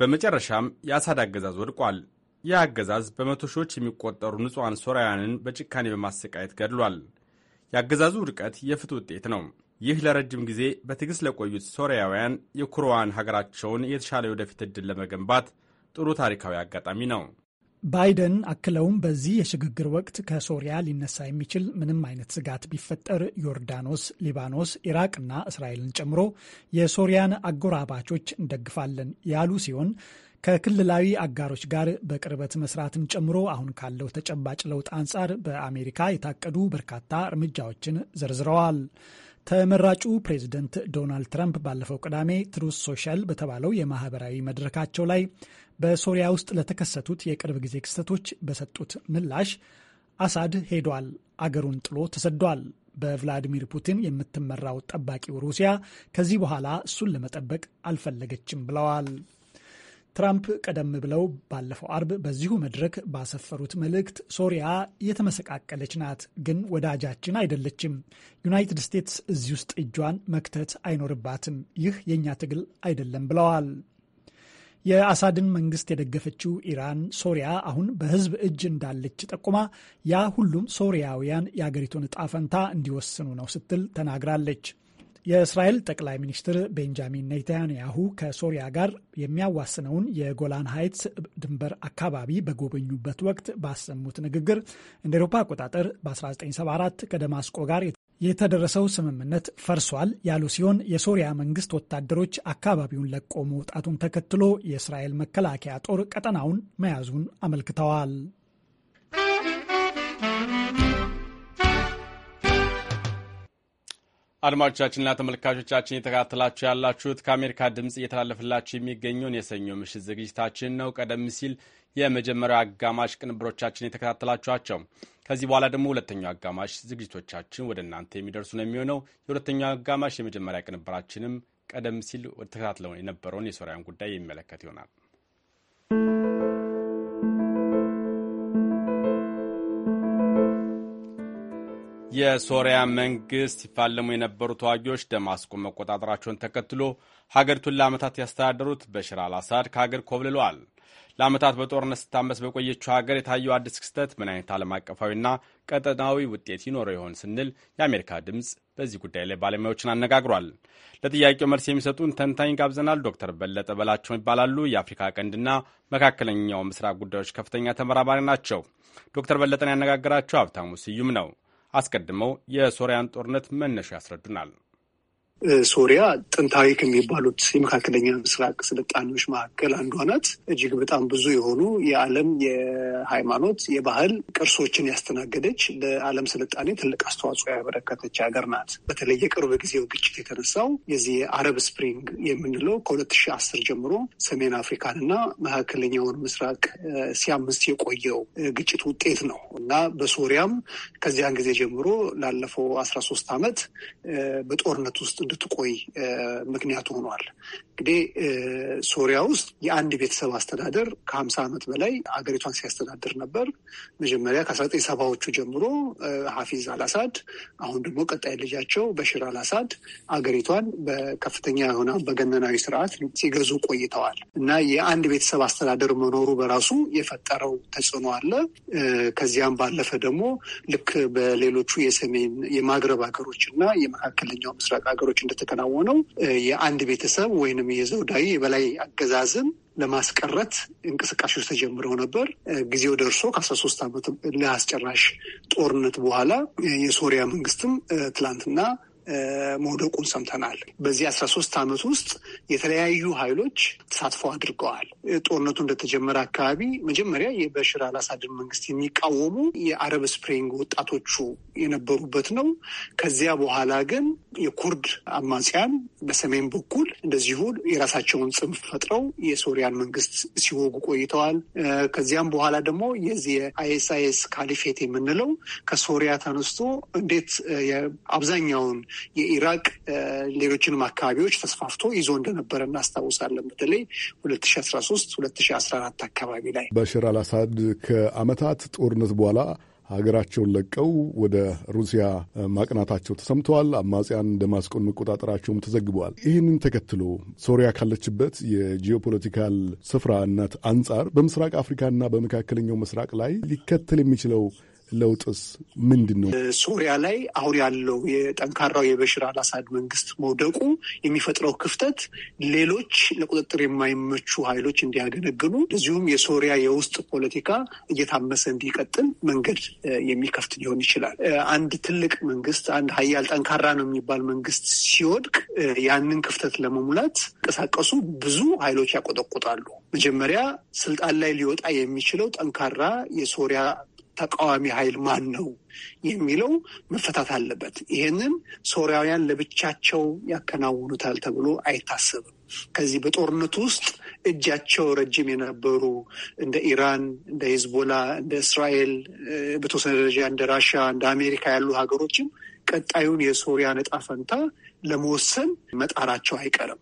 በመጨረሻም የአሳድ አገዛዝ ወድቋል። ይህ አገዛዝ በመቶ ሺዎች የሚቆጠሩ ንጹሐን ሶርያውያንን በጭካኔ በማሰቃየት ገድሏል። የአገዛዙ ውድቀት የፍትህ ውጤት ነው። ይህ ለረጅም ጊዜ በትዕግሥት ለቆዩት ሶርያውያን የኩርዋን ሀገራቸውን የተሻለ ወደፊት ዕድል ለመገንባት ጥሩ ታሪካዊ አጋጣሚ ነው። ባይደን አክለውም በዚህ የሽግግር ወቅት ከሶሪያ ሊነሳ የሚችል ምንም አይነት ስጋት ቢፈጠር ዮርዳኖስ፣ ሊባኖስ፣ ኢራቅና እስራኤልን ጨምሮ የሶሪያን አጎራባቾች እንደግፋለን ያሉ ሲሆን ከክልላዊ አጋሮች ጋር በቅርበት መስራትን ጨምሮ አሁን ካለው ተጨባጭ ለውጥ አንጻር በአሜሪካ የታቀዱ በርካታ እርምጃዎችን ዘርዝረዋል። ተመራጩ ፕሬዝደንት ዶናልድ ትራምፕ ባለፈው ቅዳሜ ትሩስ ሶሻል በተባለው የማህበራዊ መድረካቸው ላይ በሶሪያ ውስጥ ለተከሰቱት የቅርብ ጊዜ ክስተቶች በሰጡት ምላሽ አሳድ ሄዷል፣ አገሩን ጥሎ ተሰዷል። በቭላዲሚር ፑቲን የምትመራው ጠባቂው ሩሲያ ከዚህ በኋላ እሱን ለመጠበቅ አልፈለገችም ብለዋል። ትራምፕ ቀደም ብለው ባለፈው አርብ በዚሁ መድረክ ባሰፈሩት መልእክት ሶሪያ እየተመሰቃቀለች ናት፣ ግን ወዳጃችን አይደለችም። ዩናይትድ ስቴትስ እዚህ ውስጥ እጇን መክተት አይኖርባትም። ይህ የእኛ ትግል አይደለም ብለዋል። የአሳድን መንግስት የደገፈችው ኢራን ሶሪያ አሁን በህዝብ እጅ እንዳለች ጠቁማ ያ ሁሉም ሶሪያውያን የአገሪቱን እጣ ፈንታ እንዲወስኑ ነው ስትል ተናግራለች። የእስራኤል ጠቅላይ ሚኒስትር ቤንጃሚን ኔታንያሁ ከሶሪያ ጋር የሚያዋስነውን የጎላን ሀይትስ ድንበር አካባቢ በጎበኙበት ወቅት ባሰሙት ንግግር እንደ ኤሮፓ አቆጣጠር በ1974 ከደማስቆ ጋር የተደረሰው ስምምነት ፈርሷል ያሉ ሲሆን የሶሪያ መንግስት ወታደሮች አካባቢውን ለቆ መውጣቱን ተከትሎ የእስራኤል መከላከያ ጦር ቀጠናውን መያዙን አመልክተዋል። አድማጮቻችንና ተመልካቾቻችን የተከታተላችሁ ያላችሁት ከአሜሪካ ድምፅ እየተላለፈላችሁ የሚገኘውን የሰኞ ምሽት ዝግጅታችን ነው። ቀደም ሲል የመጀመሪያው አጋማሽ ቅንብሮቻችን የተከታተላችኋቸው፣ ከዚህ በኋላ ደግሞ ሁለተኛው አጋማሽ ዝግጅቶቻችን ወደ እናንተ የሚደርሱ ነው የሚሆነው። የሁለተኛው አጋማሽ የመጀመሪያ ቅንብራችንም ቀደም ሲል ተከታትለው የነበረውን የሶሪያን ጉዳይ የሚመለከት ይሆናል። የሶሪያ መንግስት ሲፋለሙ የነበሩ ተዋጊዎች ደማስቆ መቆጣጠራቸውን ተከትሎ ሀገሪቱን ለዓመታት ያስተዳደሩት በሽር አልአሳድ ከሀገር ኮብልለዋል። ለዓመታት በጦርነት ስታመስ በቆየችው ሀገር የታየው አዲስ ክስተት ምን አይነት ዓለም አቀፋዊና ቀጠናዊ ውጤት ይኖረው ይሆን ስንል የአሜሪካ ድምፅ በዚህ ጉዳይ ላይ ባለሙያዎችን አነጋግሯል። ለጥያቄው መልስ የሚሰጡን ተንታኝ ጋብዘናል። ዶክተር በለጠ በላቸው ይባላሉ። የአፍሪካ ቀንድና መካከለኛው ምስራቅ ጉዳዮች ከፍተኛ ተመራማሪ ናቸው። ዶክተር በለጠን ያነጋግራቸው ሀብታሙ ስዩም ነው። አስቀድመው የሶሪያን ጦርነት መነሻ ያስረዱናል። ሶሪያ ጥንታዊ ከሚባሉት የመካከለኛ ምስራቅ ስልጣኔዎች መካከል አንዷ ናት። እጅግ በጣም ብዙ የሆኑ የዓለም የሃይማኖት፣ የባህል ቅርሶችን ያስተናገደች ለዓለም ስልጣኔ ትልቅ አስተዋጽኦ ያበረከተች ሀገር ናት። በተለይ የቅርብ ጊዜው ግጭት የተነሳው የዚህ የአረብ ስፕሪንግ የምንለው ከሁለት ሺህ አስር ጀምሮ ሰሜን አፍሪካን እና መካከለኛውን ምስራቅ ሲያምስ የቆየው ግጭት ውጤት ነው እና በሶሪያም ከዚያን ጊዜ ጀምሮ ላለፈው አስራ ሶስት ዓመት በጦርነት ውስጥ እንድትቆይ ምክንያቱ ሆኗል። እንግዲህ ሶሪያ ውስጥ የአንድ ቤተሰብ አስተዳደር ከሀምሳ ዓመት በላይ አገሪቷን ሲያስተዳድር ነበር። መጀመሪያ ከአስራ ዘጠኝ ሰባዎቹ ጀምሮ ሀፊዝ አልአሳድ፣ አሁን ደግሞ ቀጣይ ልጃቸው በሽር አልአሳድ አገሪቷን በከፍተኛ የሆነ በገነናዊ ስርዓት ሲገዙ ቆይተዋል እና የአንድ ቤተሰብ አስተዳደር መኖሩ በራሱ የፈጠረው ተጽዕኖ አለ። ከዚያም ባለፈ ደግሞ ልክ በሌሎቹ የሰሜን የማግረብ ሀገሮች እና የመካከለኛው ምስራቅ ሀገሮች ነገሮች እንደተከናወነው የአንድ ቤተሰብ ወይንም የዘውዳዊ የበላይ አገዛዝም ለማስቀረት እንቅስቃሴዎች ተጀምረው ነበር። ጊዜው ደርሶ ከአስራ ሶስት ዓመት ለአስጨራሽ ጦርነት በኋላ የሶሪያ መንግስትም ትላንትና መውደቁን ሰምተናል። በዚህ አስራ ሶስት ዓመት ውስጥ የተለያዩ ኃይሎች ተሳትፎ አድርገዋል። ጦርነቱ እንደተጀመረ አካባቢ መጀመሪያ የበሽር አላሳድን መንግስት የሚቃወሙ የአረብ ስፕሪንግ ወጣቶቹ የነበሩበት ነው። ከዚያ በኋላ ግን የኩርድ አማጽያን በሰሜን በኩል እንደዚሁ የራሳቸውን ጽንፍ ፈጥረው የሶሪያን መንግስት ሲወጉ ቆይተዋል። ከዚያም በኋላ ደግሞ የዚህ የአይኤስአይኤስ ካሊፌት የምንለው ከሶሪያ ተነስቶ እንዴት አብዛኛውን የኢራቅ ሌሎችንም አካባቢዎች ተስፋፍቶ ይዞ እንደነበረ እናስታውሳለን። በተለይ ሁለት አካባቢ ላይ ባሻር አልአሳድ ከአመታት ጦርነት በኋላ ሀገራቸውን ለቀው ወደ ሩሲያ ማቅናታቸው ተሰምተዋል። አማጽያን ደማስቆን መቆጣጠራቸውም ተዘግበዋል። ይህንን ተከትሎ ሶሪያ ካለችበት የጂኦፖለቲካል ስፍራነት አንጻር በምስራቅ አፍሪካና በመካከለኛው ምስራቅ ላይ ሊከተል የሚችለው ለውጥስ ምንድን ነው? ሶሪያ ላይ አሁን ያለው የጠንካራው የበሽር አልአሳድ መንግስት መውደቁ የሚፈጥረው ክፍተት ሌሎች ለቁጥጥር የማይመቹ ኃይሎች እንዲያገለግሉ፣ እንደዚሁም የሶሪያ የውስጥ ፖለቲካ እየታመሰ እንዲቀጥል መንገድ የሚከፍት ሊሆን ይችላል። አንድ ትልቅ መንግስት፣ አንድ ሀያል ጠንካራ ነው የሚባል መንግስት ሲወድቅ ያንን ክፍተት ለመሙላት እንቀሳቀሱ ብዙ ኃይሎች ያቆጠቁጣሉ። መጀመሪያ ስልጣን ላይ ሊወጣ የሚችለው ጠንካራ የሶሪያ ተቃዋሚ ኃይል ማን ነው የሚለው መፈታት አለበት። ይህንን ሶሪያውያን ለብቻቸው ያከናውኑታል ተብሎ አይታሰብም። ከዚህ በጦርነቱ ውስጥ እጃቸው ረጅም የነበሩ እንደ ኢራን፣ እንደ ሂዝቦላ፣ እንደ እስራኤል በተወሰነ ደረጃ እንደ ራሻ፣ እንደ አሜሪካ ያሉ ሀገሮችም ቀጣዩን የሶሪያ ዕጣ ፈንታ ለመወሰን መጣራቸው አይቀርም።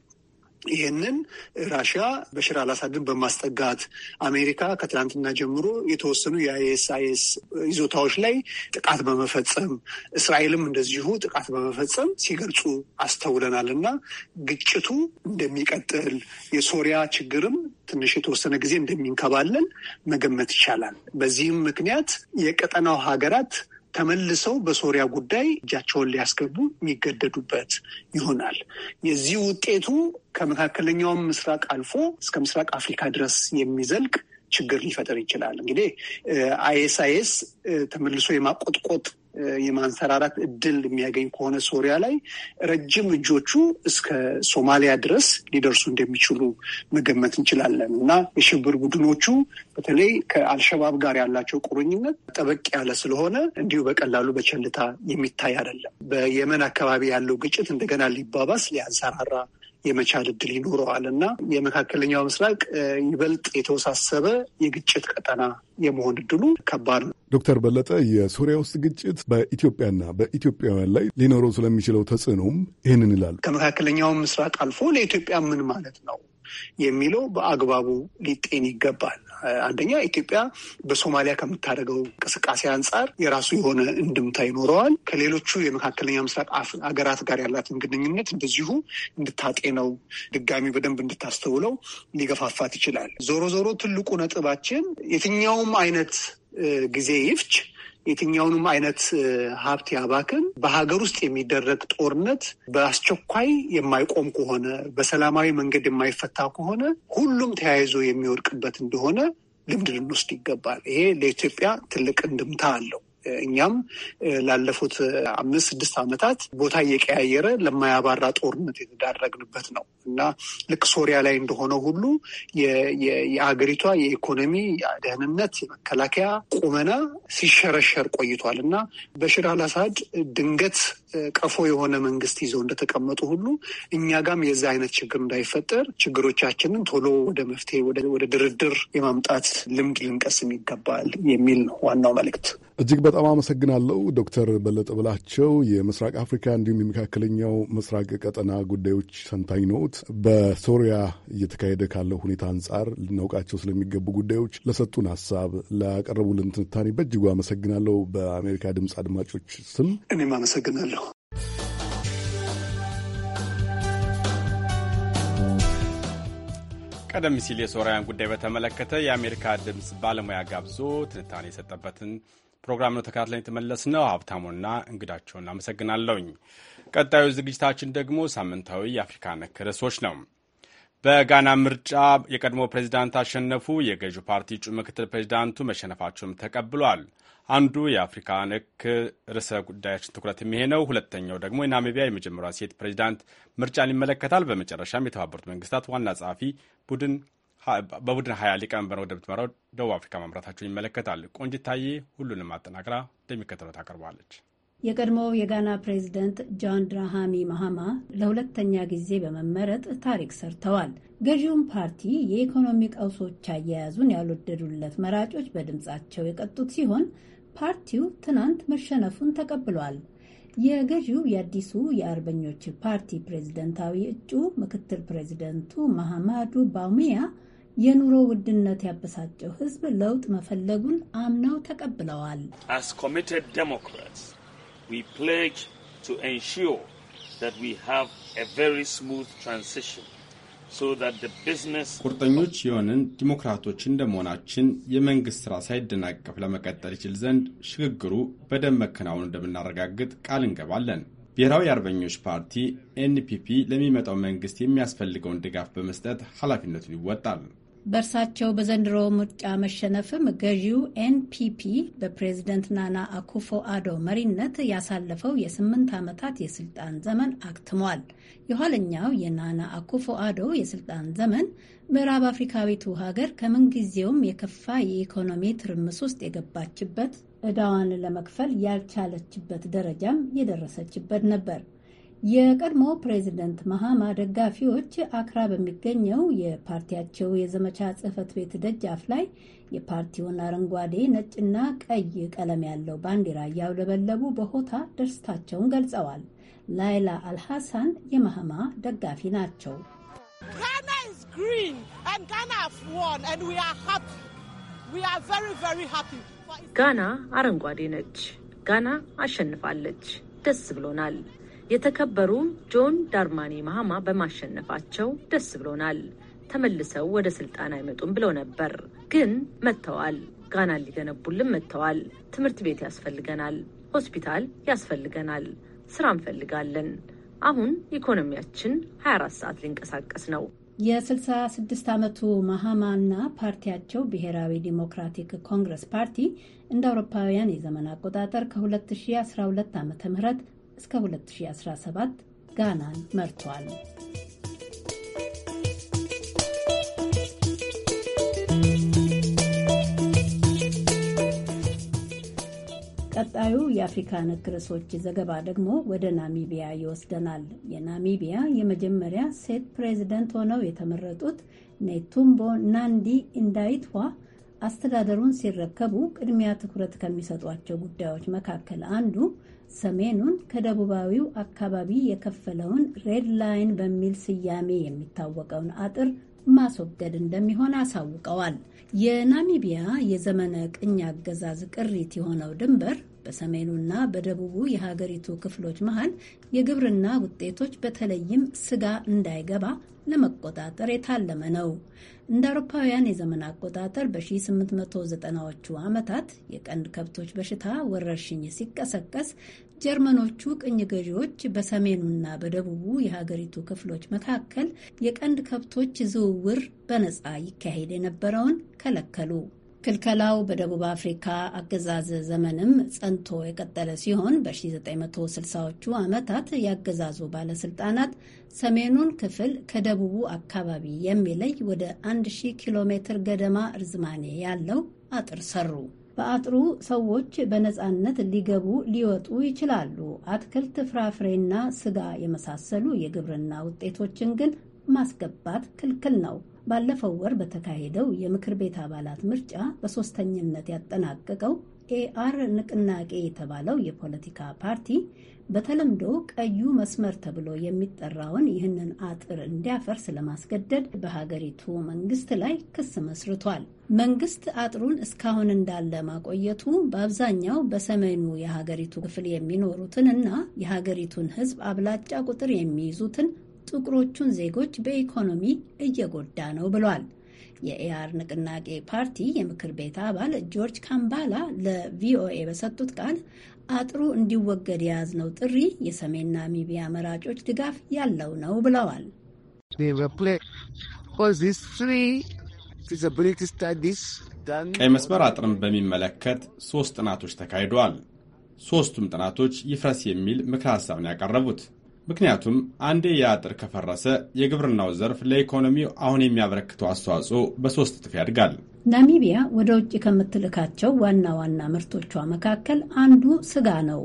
ይህንን ራሽያ በሽር አላሳድን በማስጠጋት አሜሪካ ከትላንትና ጀምሮ የተወሰኑ የአይኤስአይኤስ ይዞታዎች ላይ ጥቃት በመፈጸም እስራኤልም እንደዚሁ ጥቃት በመፈጸም ሲገልጹ አስተውለናል እና ግጭቱ እንደሚቀጥል የሶሪያ ችግርም ትንሽ የተወሰነ ጊዜ እንደሚንከባለን መገመት ይቻላል። በዚህም ምክንያት የቀጠናው ሀገራት ተመልሰው በሶሪያ ጉዳይ እጃቸውን ሊያስገቡ የሚገደዱበት ይሆናል። የዚህ ውጤቱ ከመካከለኛውም ምስራቅ አልፎ እስከ ምስራቅ አፍሪካ ድረስ የሚዘልቅ ችግር ሊፈጠር ይችላል። እንግዲህ አይኤስአይኤስ ተመልሶ የማቆጥቆጥ የማንሰራራት እድል የሚያገኝ ከሆነ ሶሪያ ላይ ረጅም እጆቹ እስከ ሶማሊያ ድረስ ሊደርሱ እንደሚችሉ መገመት እንችላለን እና የሽብር ቡድኖቹ በተለይ ከአልሸባብ ጋር ያላቸው ቁርኝነት ጠበቅ ያለ ስለሆነ እንዲሁ በቀላሉ በቸልታ የሚታይ አይደለም። በየመን አካባቢ ያለው ግጭት እንደገና ሊባባስ ሊያንሰራራ የመቻል እድል ይኖረዋል እና የመካከለኛው ምስራቅ ይበልጥ የተወሳሰበ የግጭት ቀጠና የመሆን እድሉ ከባድ ነው። ዶክተር በለጠ የሱሪያ ውስጥ ግጭት በኢትዮጵያና በኢትዮጵያውያን ላይ ሊኖረው ስለሚችለው ተጽዕኖም ይህንን ይላሉ። ከመካከለኛው ምስራቅ አልፎ ለኢትዮጵያ ምን ማለት ነው የሚለው በአግባቡ ሊጤን ይገባል። አንደኛ ኢትዮጵያ በሶማሊያ ከምታደርገው እንቅስቃሴ አንጻር የራሱ የሆነ እንድምታ ይኖረዋል። ከሌሎቹ የመካከለኛ ምስራቅ ሀገራት ጋር ያላትን ግንኙነት እንደዚሁ እንድታጤነው፣ ድጋሚ በደንብ እንድታስተውለው ሊገፋፋት ይችላል። ዞሮ ዞሮ ትልቁ ነጥባችን የትኛውም አይነት ጊዜ ይፍች የትኛውንም አይነት ሀብት ያባክን በሀገር ውስጥ የሚደረግ ጦርነት በአስቸኳይ የማይቆም ከሆነ በሰላማዊ መንገድ የማይፈታ ከሆነ ሁሉም ተያይዞ የሚወድቅበት እንደሆነ ልምድ ልንወስድ ይገባል። ይሄ ለኢትዮጵያ ትልቅ እንድምታ አለው። እኛም ላለፉት አምስት ስድስት ዓመታት ቦታ እየቀያየረ ለማያባራ ጦርነት የተዳረግንበት ነው እና ልክ ሶሪያ ላይ እንደሆነ ሁሉ የአገሪቷ የኢኮኖሚ የደህንነት የመከላከያ ቁመና ሲሸረሸር ቆይቷል እና በሽር አላሳድ ድንገት ቀፎ የሆነ መንግስት ይዘው እንደተቀመጡ ሁሉ እኛ ጋም የዛ አይነት ችግር እንዳይፈጠር ችግሮቻችንን ቶሎ ወደ መፍትሄ ወደ ድርድር የማምጣት ልምድ ልንቀስም ይገባል የሚል ነው ዋናው መልእክት። እጅግ በጣም አመሰግናለሁ ዶክተር በለጠ ብላቸው የምስራቅ አፍሪካ እንዲሁም የመካከለኛው ምስራቅ ቀጠና ጉዳዮች ተንታኝ ነዎት። በሶሪያ እየተካሄደ ካለው ሁኔታ አንጻር ልናውቃቸው ስለሚገቡ ጉዳዮች ለሰጡን ሀሳብ፣ ላቀረቡልን ትንታኔ በእጅጉ አመሰግናለሁ። በአሜሪካ ድምፅ አድማጮች ስም እኔም አመሰግናለሁ። ቀደም ሲል የሶሪያን ጉዳይ በተመለከተ የአሜሪካ ድምፅ ባለሙያ ጋብዞ ትንታኔ የሰጠበትን ፕሮግራም ነው ተከታትለን የተመለስ ነው። ሀብታሙና እንግዳቸውን አመሰግናለውኝ። ቀጣዩ ዝግጅታችን ደግሞ ሳምንታዊ የአፍሪካ ነክ ርዕሶች ነው። በጋና ምርጫ የቀድሞ ፕሬዚዳንት አሸነፉ። የገዢው ፓርቲ እጩ ምክትል ፕሬዚዳንቱ መሸነፋቸውም ተቀብሏል። አንዱ የአፍሪካ ነክ ርዕሰ ጉዳዮችን ትኩረት ነው። ሁለተኛው ደግሞ የናሚቢያ የመጀመሪያ ሴት ፕሬዚዳንት ምርጫን ይመለከታል። በመጨረሻም የተባበሩት መንግስታት ዋና ጸሐፊ ቡድን በቡድን ሀያ ሊቀመንበር ወደምትመራው ደቡብ አፍሪካ ማምራታቸውን ይመለከታል። ቆንጅታዬ ሁሉንም አጠናቅራ እንደሚከተለው ታቀርባለች። የቀድሞው የጋና ፕሬዝደንት ጆን ድራሃሚ ማሃማ ለሁለተኛ ጊዜ በመመረጥ ታሪክ ሰርተዋል። ገዢውን ፓርቲ የኢኮኖሚ ቀውሶች አያያዙን ያልወደዱለት መራጮች በድምፃቸው የቀጡት ሲሆን ፓርቲው ትናንት መሸነፉን ተቀብሏል። የገዢው የአዲሱ የአርበኞች ፓርቲ ፕሬዝደንታዊ እጩ ምክትል ፕሬዝደንቱ ማሃማዱ ባውሚያ የኑሮ ውድነት ያበሳጨው ሕዝብ ለውጥ መፈለጉን አምነው ተቀብለዋል። we pledge to ensure that we have a very smooth transition ቁርጠኞች የሆንን ዲሞክራቶች እንደመሆናችን የመንግስት ስራ ሳይደናቀፍ ለመቀጠል ይችል ዘንድ ሽግግሩ በደንብ መከናወኑ እንደምናረጋግጥ ቃል እንገባለን። ብሔራዊ የአርበኞች ፓርቲ ኤንፒፒ ለሚመጣው መንግሥት የሚያስፈልገውን ድጋፍ በመስጠት ኃላፊነቱን ይወጣል። በእርሳቸው በዘንድሮ ምርጫ መሸነፍም ገዢው ኤንፒፒ በፕሬዝደንት ናና አኩፎ አዶ መሪነት ያሳለፈው የስምንት ዓመታት የስልጣን ዘመን አክትሟል። የኋለኛው የናና አኩፎ አዶ የስልጣን ዘመን ምዕራብ አፍሪካዊቱ ሀገር ከምንጊዜውም የከፋ የኢኮኖሚ ትርምስ ውስጥ የገባችበት ዕዳዋን ለመክፈል ያልቻለችበት ደረጃም የደረሰችበት ነበር። የቀድሞ ፕሬዚደንት መሃማ ደጋፊዎች አክራ በሚገኘው የፓርቲያቸው የዘመቻ ጽህፈት ቤት ደጃፍ ላይ የፓርቲውን አረንጓዴ፣ ነጭና ቀይ ቀለም ያለው ባንዲራ እያውለበለቡ በሆታ ደስታቸውን ገልጸዋል። ላይላ አልሐሳን የመሃማ ደጋፊ ናቸው። ጋና አረንጓዴ ነች። ጋና አሸንፋለች። ደስ ብሎናል። የተከበሩ ጆን ዳርማኒ ማሃማ በማሸነፋቸው ደስ ብሎናል። ተመልሰው ወደ ስልጣን አይመጡም ብለው ነበር፣ ግን መጥተዋል። ጋና ሊገነቡልን መጥተዋል። ትምህርት ቤት ያስፈልገናል፣ ሆስፒታል ያስፈልገናል፣ ስራ እንፈልጋለን። አሁን ኢኮኖሚያችን 24 ሰዓት ሊንቀሳቀስ ነው። የ66 ዓመቱ ማሃማ እና ፓርቲያቸው ብሔራዊ ዲሞክራቲክ ኮንግረስ ፓርቲ እንደ አውሮፓውያን የዘመን አቆጣጠር ከ2012 ዓ ም እስከ 2017 ጋናን መርቷል። ቀጣዩ የአፍሪካ ነክ ርዕሶች ዘገባ ደግሞ ወደ ናሚቢያ ይወስደናል። የናሚቢያ የመጀመሪያ ሴት ፕሬዚደንት ሆነው የተመረጡት ኔቱምቦ ናንዲ እንዳይትዋ አስተዳደሩን ሲረከቡ ቅድሚያ ትኩረት ከሚሰጧቸው ጉዳዮች መካከል አንዱ ሰሜኑን ከደቡባዊው አካባቢ የከፈለውን ሬድ ላይን በሚል ስያሜ የሚታወቀውን አጥር ማስወገድ እንደሚሆን አሳውቀዋል። የናሚቢያ የዘመነ ቅኝ አገዛዝ ቅሪት የሆነው ድንበር በሰሜኑና በደቡቡ የሀገሪቱ ክፍሎች መሀል የግብርና ውጤቶች በተለይም ስጋ እንዳይገባ ለመቆጣጠር የታለመ ነው። እንደ አውሮፓውያን የዘመን አቆጣጠር በ1890ዎቹ ዓመታት የቀንድ ከብቶች በሽታ ወረርሽኝ ሲቀሰቀስ ጀርመኖቹ ቅኝ ገዢዎች በሰሜኑና በደቡቡ የሀገሪቱ ክፍሎች መካከል የቀንድ ከብቶች ዝውውር በነፃ ይካሄድ የነበረውን ከለከሉ። ክልከላው በደቡብ አፍሪካ አገዛዝ ዘመንም ጸንቶ የቀጠለ ሲሆን በ1960ዎቹ ዓመታት ያገዛዙ ባለስልጣናት ሰሜኑን ክፍል ከደቡቡ አካባቢ የሚለይ ወደ 1000 ኪሎ ሜትር ገደማ እርዝማኔ ያለው አጥር ሰሩ። በአጥሩ ሰዎች በነፃነት ሊገቡ ሊወጡ ይችላሉ። አትክልት፣ ፍራፍሬና ስጋ የመሳሰሉ የግብርና ውጤቶችን ግን ማስገባት ክልክል ነው። ባለፈው ወር በተካሄደው የምክር ቤት አባላት ምርጫ በሶስተኝነት ያጠናቀቀው ኤአር ንቅናቄ የተባለው የፖለቲካ ፓርቲ በተለምዶ ቀዩ መስመር ተብሎ የሚጠራውን ይህንን አጥር እንዲያፈርስ ለማስገደድ በሀገሪቱ መንግስት ላይ ክስ መስርቷል። መንግስት አጥሩን እስካሁን እንዳለ ማቆየቱ በአብዛኛው በሰሜኑ የሀገሪቱ ክፍል የሚኖሩትን እና የሀገሪቱን ሕዝብ አብላጫ ቁጥር የሚይዙትን ጥቁሮቹን ዜጎች በኢኮኖሚ እየጎዳ ነው ብሏል። የኤአር ንቅናቄ ፓርቲ የምክር ቤት አባል ጆርጅ ካምባላ ለቪኦኤ በሰጡት ቃል አጥሩ እንዲወገድ የያዝነው ጥሪ የሰሜን ናሚቢያ መራጮች ድጋፍ ያለው ነው ብለዋል። ቀይ መስመር አጥርን በሚመለከት ሶስት ጥናቶች ተካሂደዋል። ሶስቱም ጥናቶች ይፍረስ የሚል ምክር ሀሳብን ያቀረቡት ምክንያቱም አንዴ የአጥር ከፈረሰ የግብርናው ዘርፍ ለኢኮኖሚው አሁን የሚያበረክተው አስተዋጽኦ በሶስት እጥፍ ያድጋል። ናሚቢያ ወደ ውጭ ከምትልካቸው ዋና ዋና ምርቶቿ መካከል አንዱ ስጋ ነው።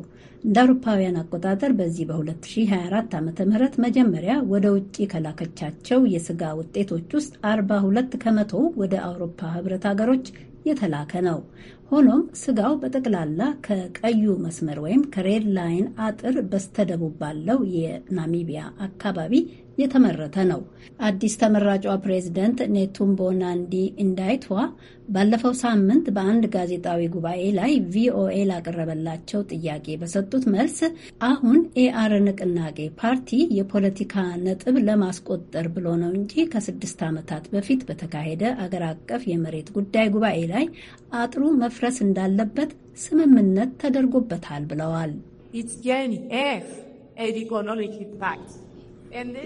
እንደ አውሮፓውያን አቆጣጠር በዚህ በ2024 ዓ ም መጀመሪያ ወደ ውጭ ከላከቻቸው የስጋ ውጤቶች ውስጥ 42 ከመቶ ወደ አውሮፓ ህብረት ሀገሮች የተላከ ነው። ሆኖም ስጋው በጠቅላላ ከቀዩ መስመር ወይም ከሬድ ላይን አጥር በስተደቡብ ባለው የናሚቢያ አካባቢ የተመረተ ነው። አዲስ ተመራጯ ፕሬዚደንት ኔቱምቦ ናንዲ እንዳይትዋ ባለፈው ሳምንት በአንድ ጋዜጣዊ ጉባኤ ላይ ቪኦኤ ላቀረበላቸው ጥያቄ በሰጡት መልስ አሁን ኤአር ንቅናቄ ፓርቲ የፖለቲካ ነጥብ ለማስቆጠር ብሎ ነው እንጂ ከስድስት ዓመታት በፊት በተካሄደ አገር አቀፍ የመሬት ጉዳይ ጉባኤ ላይ አጥሩ መፍረስ እንዳለበት ስምምነት ተደርጎበታል ብለዋል።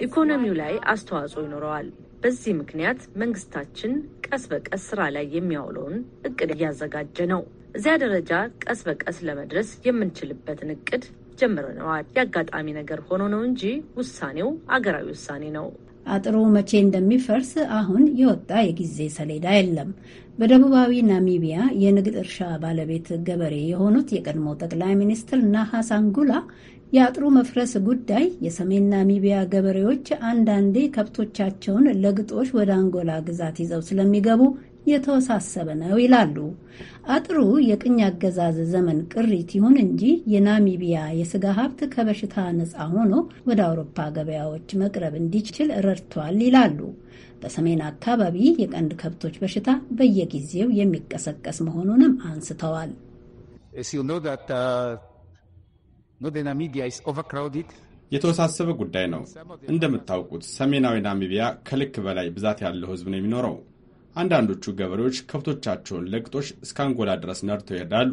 ኢኮኖሚው ላይ አስተዋጽኦ ይኖረዋል። በዚህ ምክንያት መንግስታችን ቀስ በቀስ ስራ ላይ የሚያውለውን እቅድ እያዘጋጀ ነው። እዚያ ደረጃ ቀስ በቀስ ለመድረስ የምንችልበትን እቅድ ጀምረነዋል። የአጋጣሚ ነገር ሆኖ ነው እንጂ ውሳኔው አገራዊ ውሳኔ ነው። አጥሩ መቼ እንደሚፈርስ አሁን የወጣ የጊዜ ሰሌዳ የለም። በደቡባዊ ናሚቢያ የንግድ እርሻ ባለቤት ገበሬ የሆኑት የቀድሞ ጠቅላይ ሚኒስትር ናሃሳንጉላ የአጥሩ መፍረስ ጉዳይ የሰሜን ናሚቢያ ገበሬዎች አንዳንዴ ከብቶቻቸውን ለግጦሽ ወደ አንጎላ ግዛት ይዘው ስለሚገቡ የተወሳሰበ ነው ይላሉ። አጥሩ የቅኝ አገዛዝ ዘመን ቅሪት ይሁን እንጂ የናሚቢያ የስጋ ሀብት ከበሽታ ነፃ ሆኖ ወደ አውሮፓ ገበያዎች መቅረብ እንዲችል ረድቷል ይላሉ። በሰሜን አካባቢ የቀንድ ከብቶች በሽታ በየጊዜው የሚቀሰቀስ መሆኑንም አንስተዋል። የተወሳሰበ ጉዳይ ነው። እንደምታውቁት ሰሜናዊ ናሚቢያ ከልክ በላይ ብዛት ያለው ህዝብ ነው የሚኖረው። አንዳንዶቹ ገበሬዎች ከብቶቻቸውን ለግጦሽ እስከ አንጎላ ድረስ ነድተው ይሄዳሉ።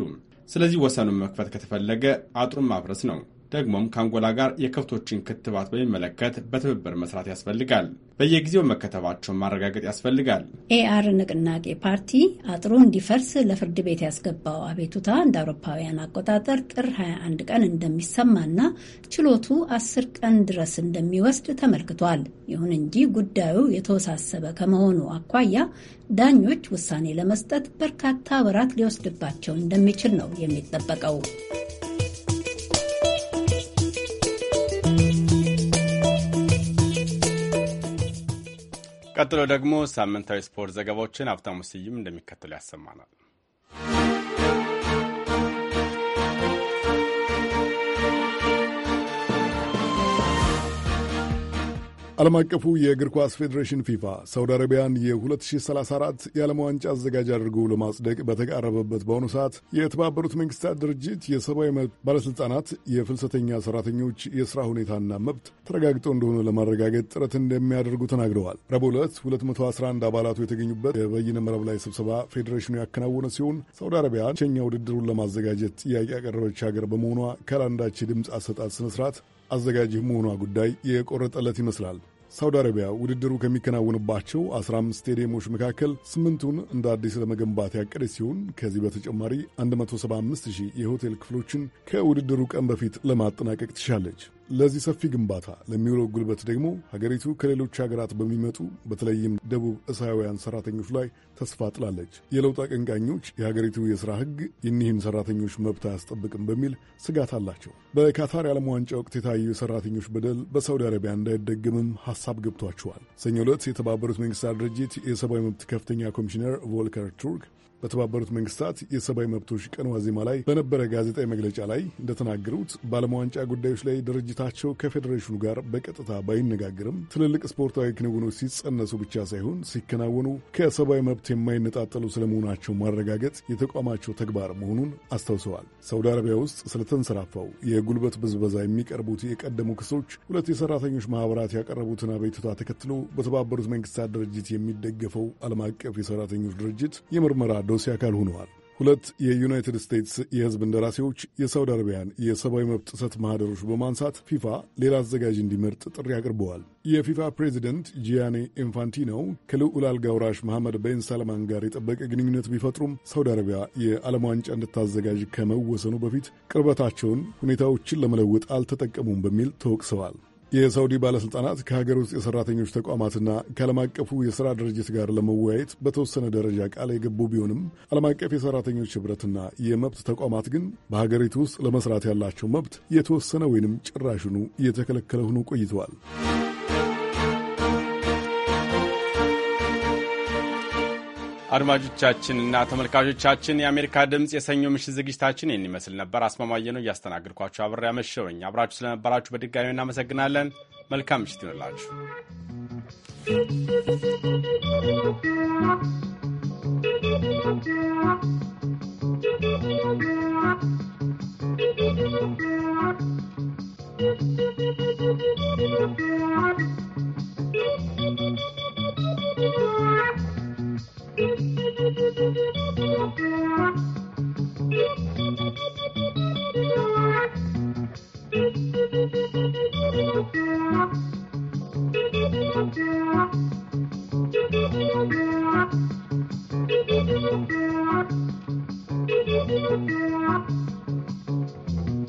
ስለዚህ ወሰኑን መክፈት ከተፈለገ አጥሩን ማፍረስ ነው። ደግሞም ከአንጎላ ጋር የከብቶችን ክትባት በሚመለከት በትብብር መስራት ያስፈልጋል። በየጊዜው መከተባቸውን ማረጋገጥ ያስፈልጋል። ኤአር ንቅናቄ ፓርቲ አጥሩ እንዲፈርስ ለፍርድ ቤት ያስገባው አቤቱታ እንደ አውሮፓውያን አቆጣጠር ጥር 21 ቀን እንደሚሰማና ችሎቱ አስር ቀን ድረስ እንደሚወስድ ተመልክቷል። ይሁን እንጂ ጉዳዩ የተወሳሰበ ከመሆኑ አኳያ ዳኞች ውሳኔ ለመስጠት በርካታ ወራት ሊወስድባቸው እንደሚችል ነው የሚጠበቀው። ቀጥሎ ደግሞ ሳምንታዊ ስፖርት ዘገባዎችን ሀብታሙ ስዩም እንደሚከተሉ ያሰማናል። ዓለም አቀፉ የእግር ኳስ ፌዴሬሽን ፊፋ ሳውዲ አረቢያን የ2034 የዓለም ዋንጫ አዘጋጅ አድርጎ ለማጽደቅ በተቃረበበት በአሁኑ ሰዓት የተባበሩት መንግስታት ድርጅት የሰብአዊ መብት ባለሥልጣናት የፍልሰተኛ ሠራተኞች የሥራ ሁኔታና መብት ተረጋግጦ እንደሆነ ለማረጋገጥ ጥረት እንደሚያደርጉ ተናግረዋል። ረቡዕ ዕለት 211 አባላቱ የተገኙበት የበይነ መረብ ላይ ስብሰባ ፌዴሬሽኑ ያከናወነ ሲሆን ሳውዲ አረቢያ ብቸኛ ውድድሩን ለማዘጋጀት ጥያቄ ያቀረበች ሀገር በመሆኗ ከላንዳች የድምፅ አሰጣጥ ስነስርዓት አዘጋጅ መሆኗ ጉዳይ የቆረጠለት ይመስላል። ሳውዲ አረቢያ ውድድሩ ከሚከናወንባቸው 15 ስቴዲየሞች መካከል ስምንቱን እንደ አዲስ ለመገንባት ያቀደች ሲሆን ከዚህ በተጨማሪ 175 ሺህ የሆቴል ክፍሎችን ከውድድሩ ቀን በፊት ለማጠናቀቅ ትሻለች። ለዚህ ሰፊ ግንባታ ለሚውለው ጉልበት ደግሞ ሀገሪቱ ከሌሎች ሀገራት በሚመጡ በተለይም ደቡብ እስያውያን ሰራተኞች ላይ ተስፋ ጥላለች። የለውጥ አቀንቃኞች የሀገሪቱ የሥራ ሕግ የኒህን ሰራተኞች መብት አያስጠብቅም በሚል ስጋት አላቸው። በካታር የዓለም ዋንጫ ወቅት የታዩ የሰራተኞች በደል በሳውዲ አረቢያ እንዳይደግምም ሀሳብ ገብቷቸዋል። ሰኞ ዕለት የተባበሩት መንግስታት ድርጅት የሰብአዊ መብት ከፍተኛ ኮሚሽነር ቮልከር ቱርክ በተባበሩት መንግስታት የሰብአዊ መብቶች ቀን ዋዜማ ላይ በነበረ ጋዜጣዊ መግለጫ ላይ እንደተናገሩት በዓለም ዋንጫ ጉዳዮች ላይ ድርጅታቸው ከፌዴሬሽኑ ጋር በቀጥታ ባይነጋገርም ትልልቅ ስፖርታዊ ክንውኖች ሲጸነሱ ብቻ ሳይሆን ሲከናወኑ ከሰብአዊ መብት የማይነጣጠሉ ስለመሆናቸው ማረጋገጥ የተቋማቸው ተግባር መሆኑን አስታውሰዋል። ሳውዲ አረቢያ ውስጥ ስለተንሰራፋው የጉልበት ብዝበዛ የሚቀርቡት የቀደሙ ክሶች ሁለት የሰራተኞች ማህበራት ያቀረቡትን አቤቱታ ተከትሎ በተባበሩት መንግስታት ድርጅት የሚደገፈው ዓለም አቀፍ የሰራተኞች ድርጅት የምርመራ የቴዎድሮስ አካል ሆነዋል። ሁለት የዩናይትድ ስቴትስ የሕዝብ እንደራሴዎች የሳውዲ አረቢያን የሰብአዊ መብት ጥሰት ማኅደሮች በማንሳት ፊፋ ሌላ አዘጋጅ እንዲመርጥ ጥሪ አቅርበዋል። የፊፋ ፕሬዚደንት ጂያኔ ኢንፋንቲኖ ከልዑል አልጋ ወራሽ መሐመድ ቤን ሳልማን ጋር የጠበቀ ግንኙነት ቢፈጥሩም ሳውዲ አረቢያ የዓለም ዋንጫ እንድታዘጋጅ ከመወሰኑ በፊት ቅርበታቸውን ሁኔታዎችን ለመለወጥ አልተጠቀሙም በሚል ተወቅሰዋል። የሳውዲ ባለሥልጣናት ከሀገር ውስጥ የሠራተኞች ተቋማትና ከዓለም አቀፉ የሥራ ድርጅት ጋር ለመወያየት በተወሰነ ደረጃ ቃል የገቡ ቢሆንም ዓለም አቀፍ የሠራተኞች ኅብረትና የመብት ተቋማት ግን በሀገሪቱ ውስጥ ለመሥራት ያላቸው መብት የተወሰነ ወይንም ጭራሽኑ እየተከለከለ ሆኖ ቆይተዋል። አድማጮቻችንና ተመልካቾቻችን የአሜሪካ ድምፅ የሰኞ ምሽት ዝግጅታችን ይህን ይመስል ነበር። አስማማየ ነው እያስተናግድኳችሁ አብሬ ያመሸውኝ። አብራችሁ ስለነበራችሁ በድጋሚ እናመሰግናለን። መልካም ምሽት ይሆንላችሁ። Thank you.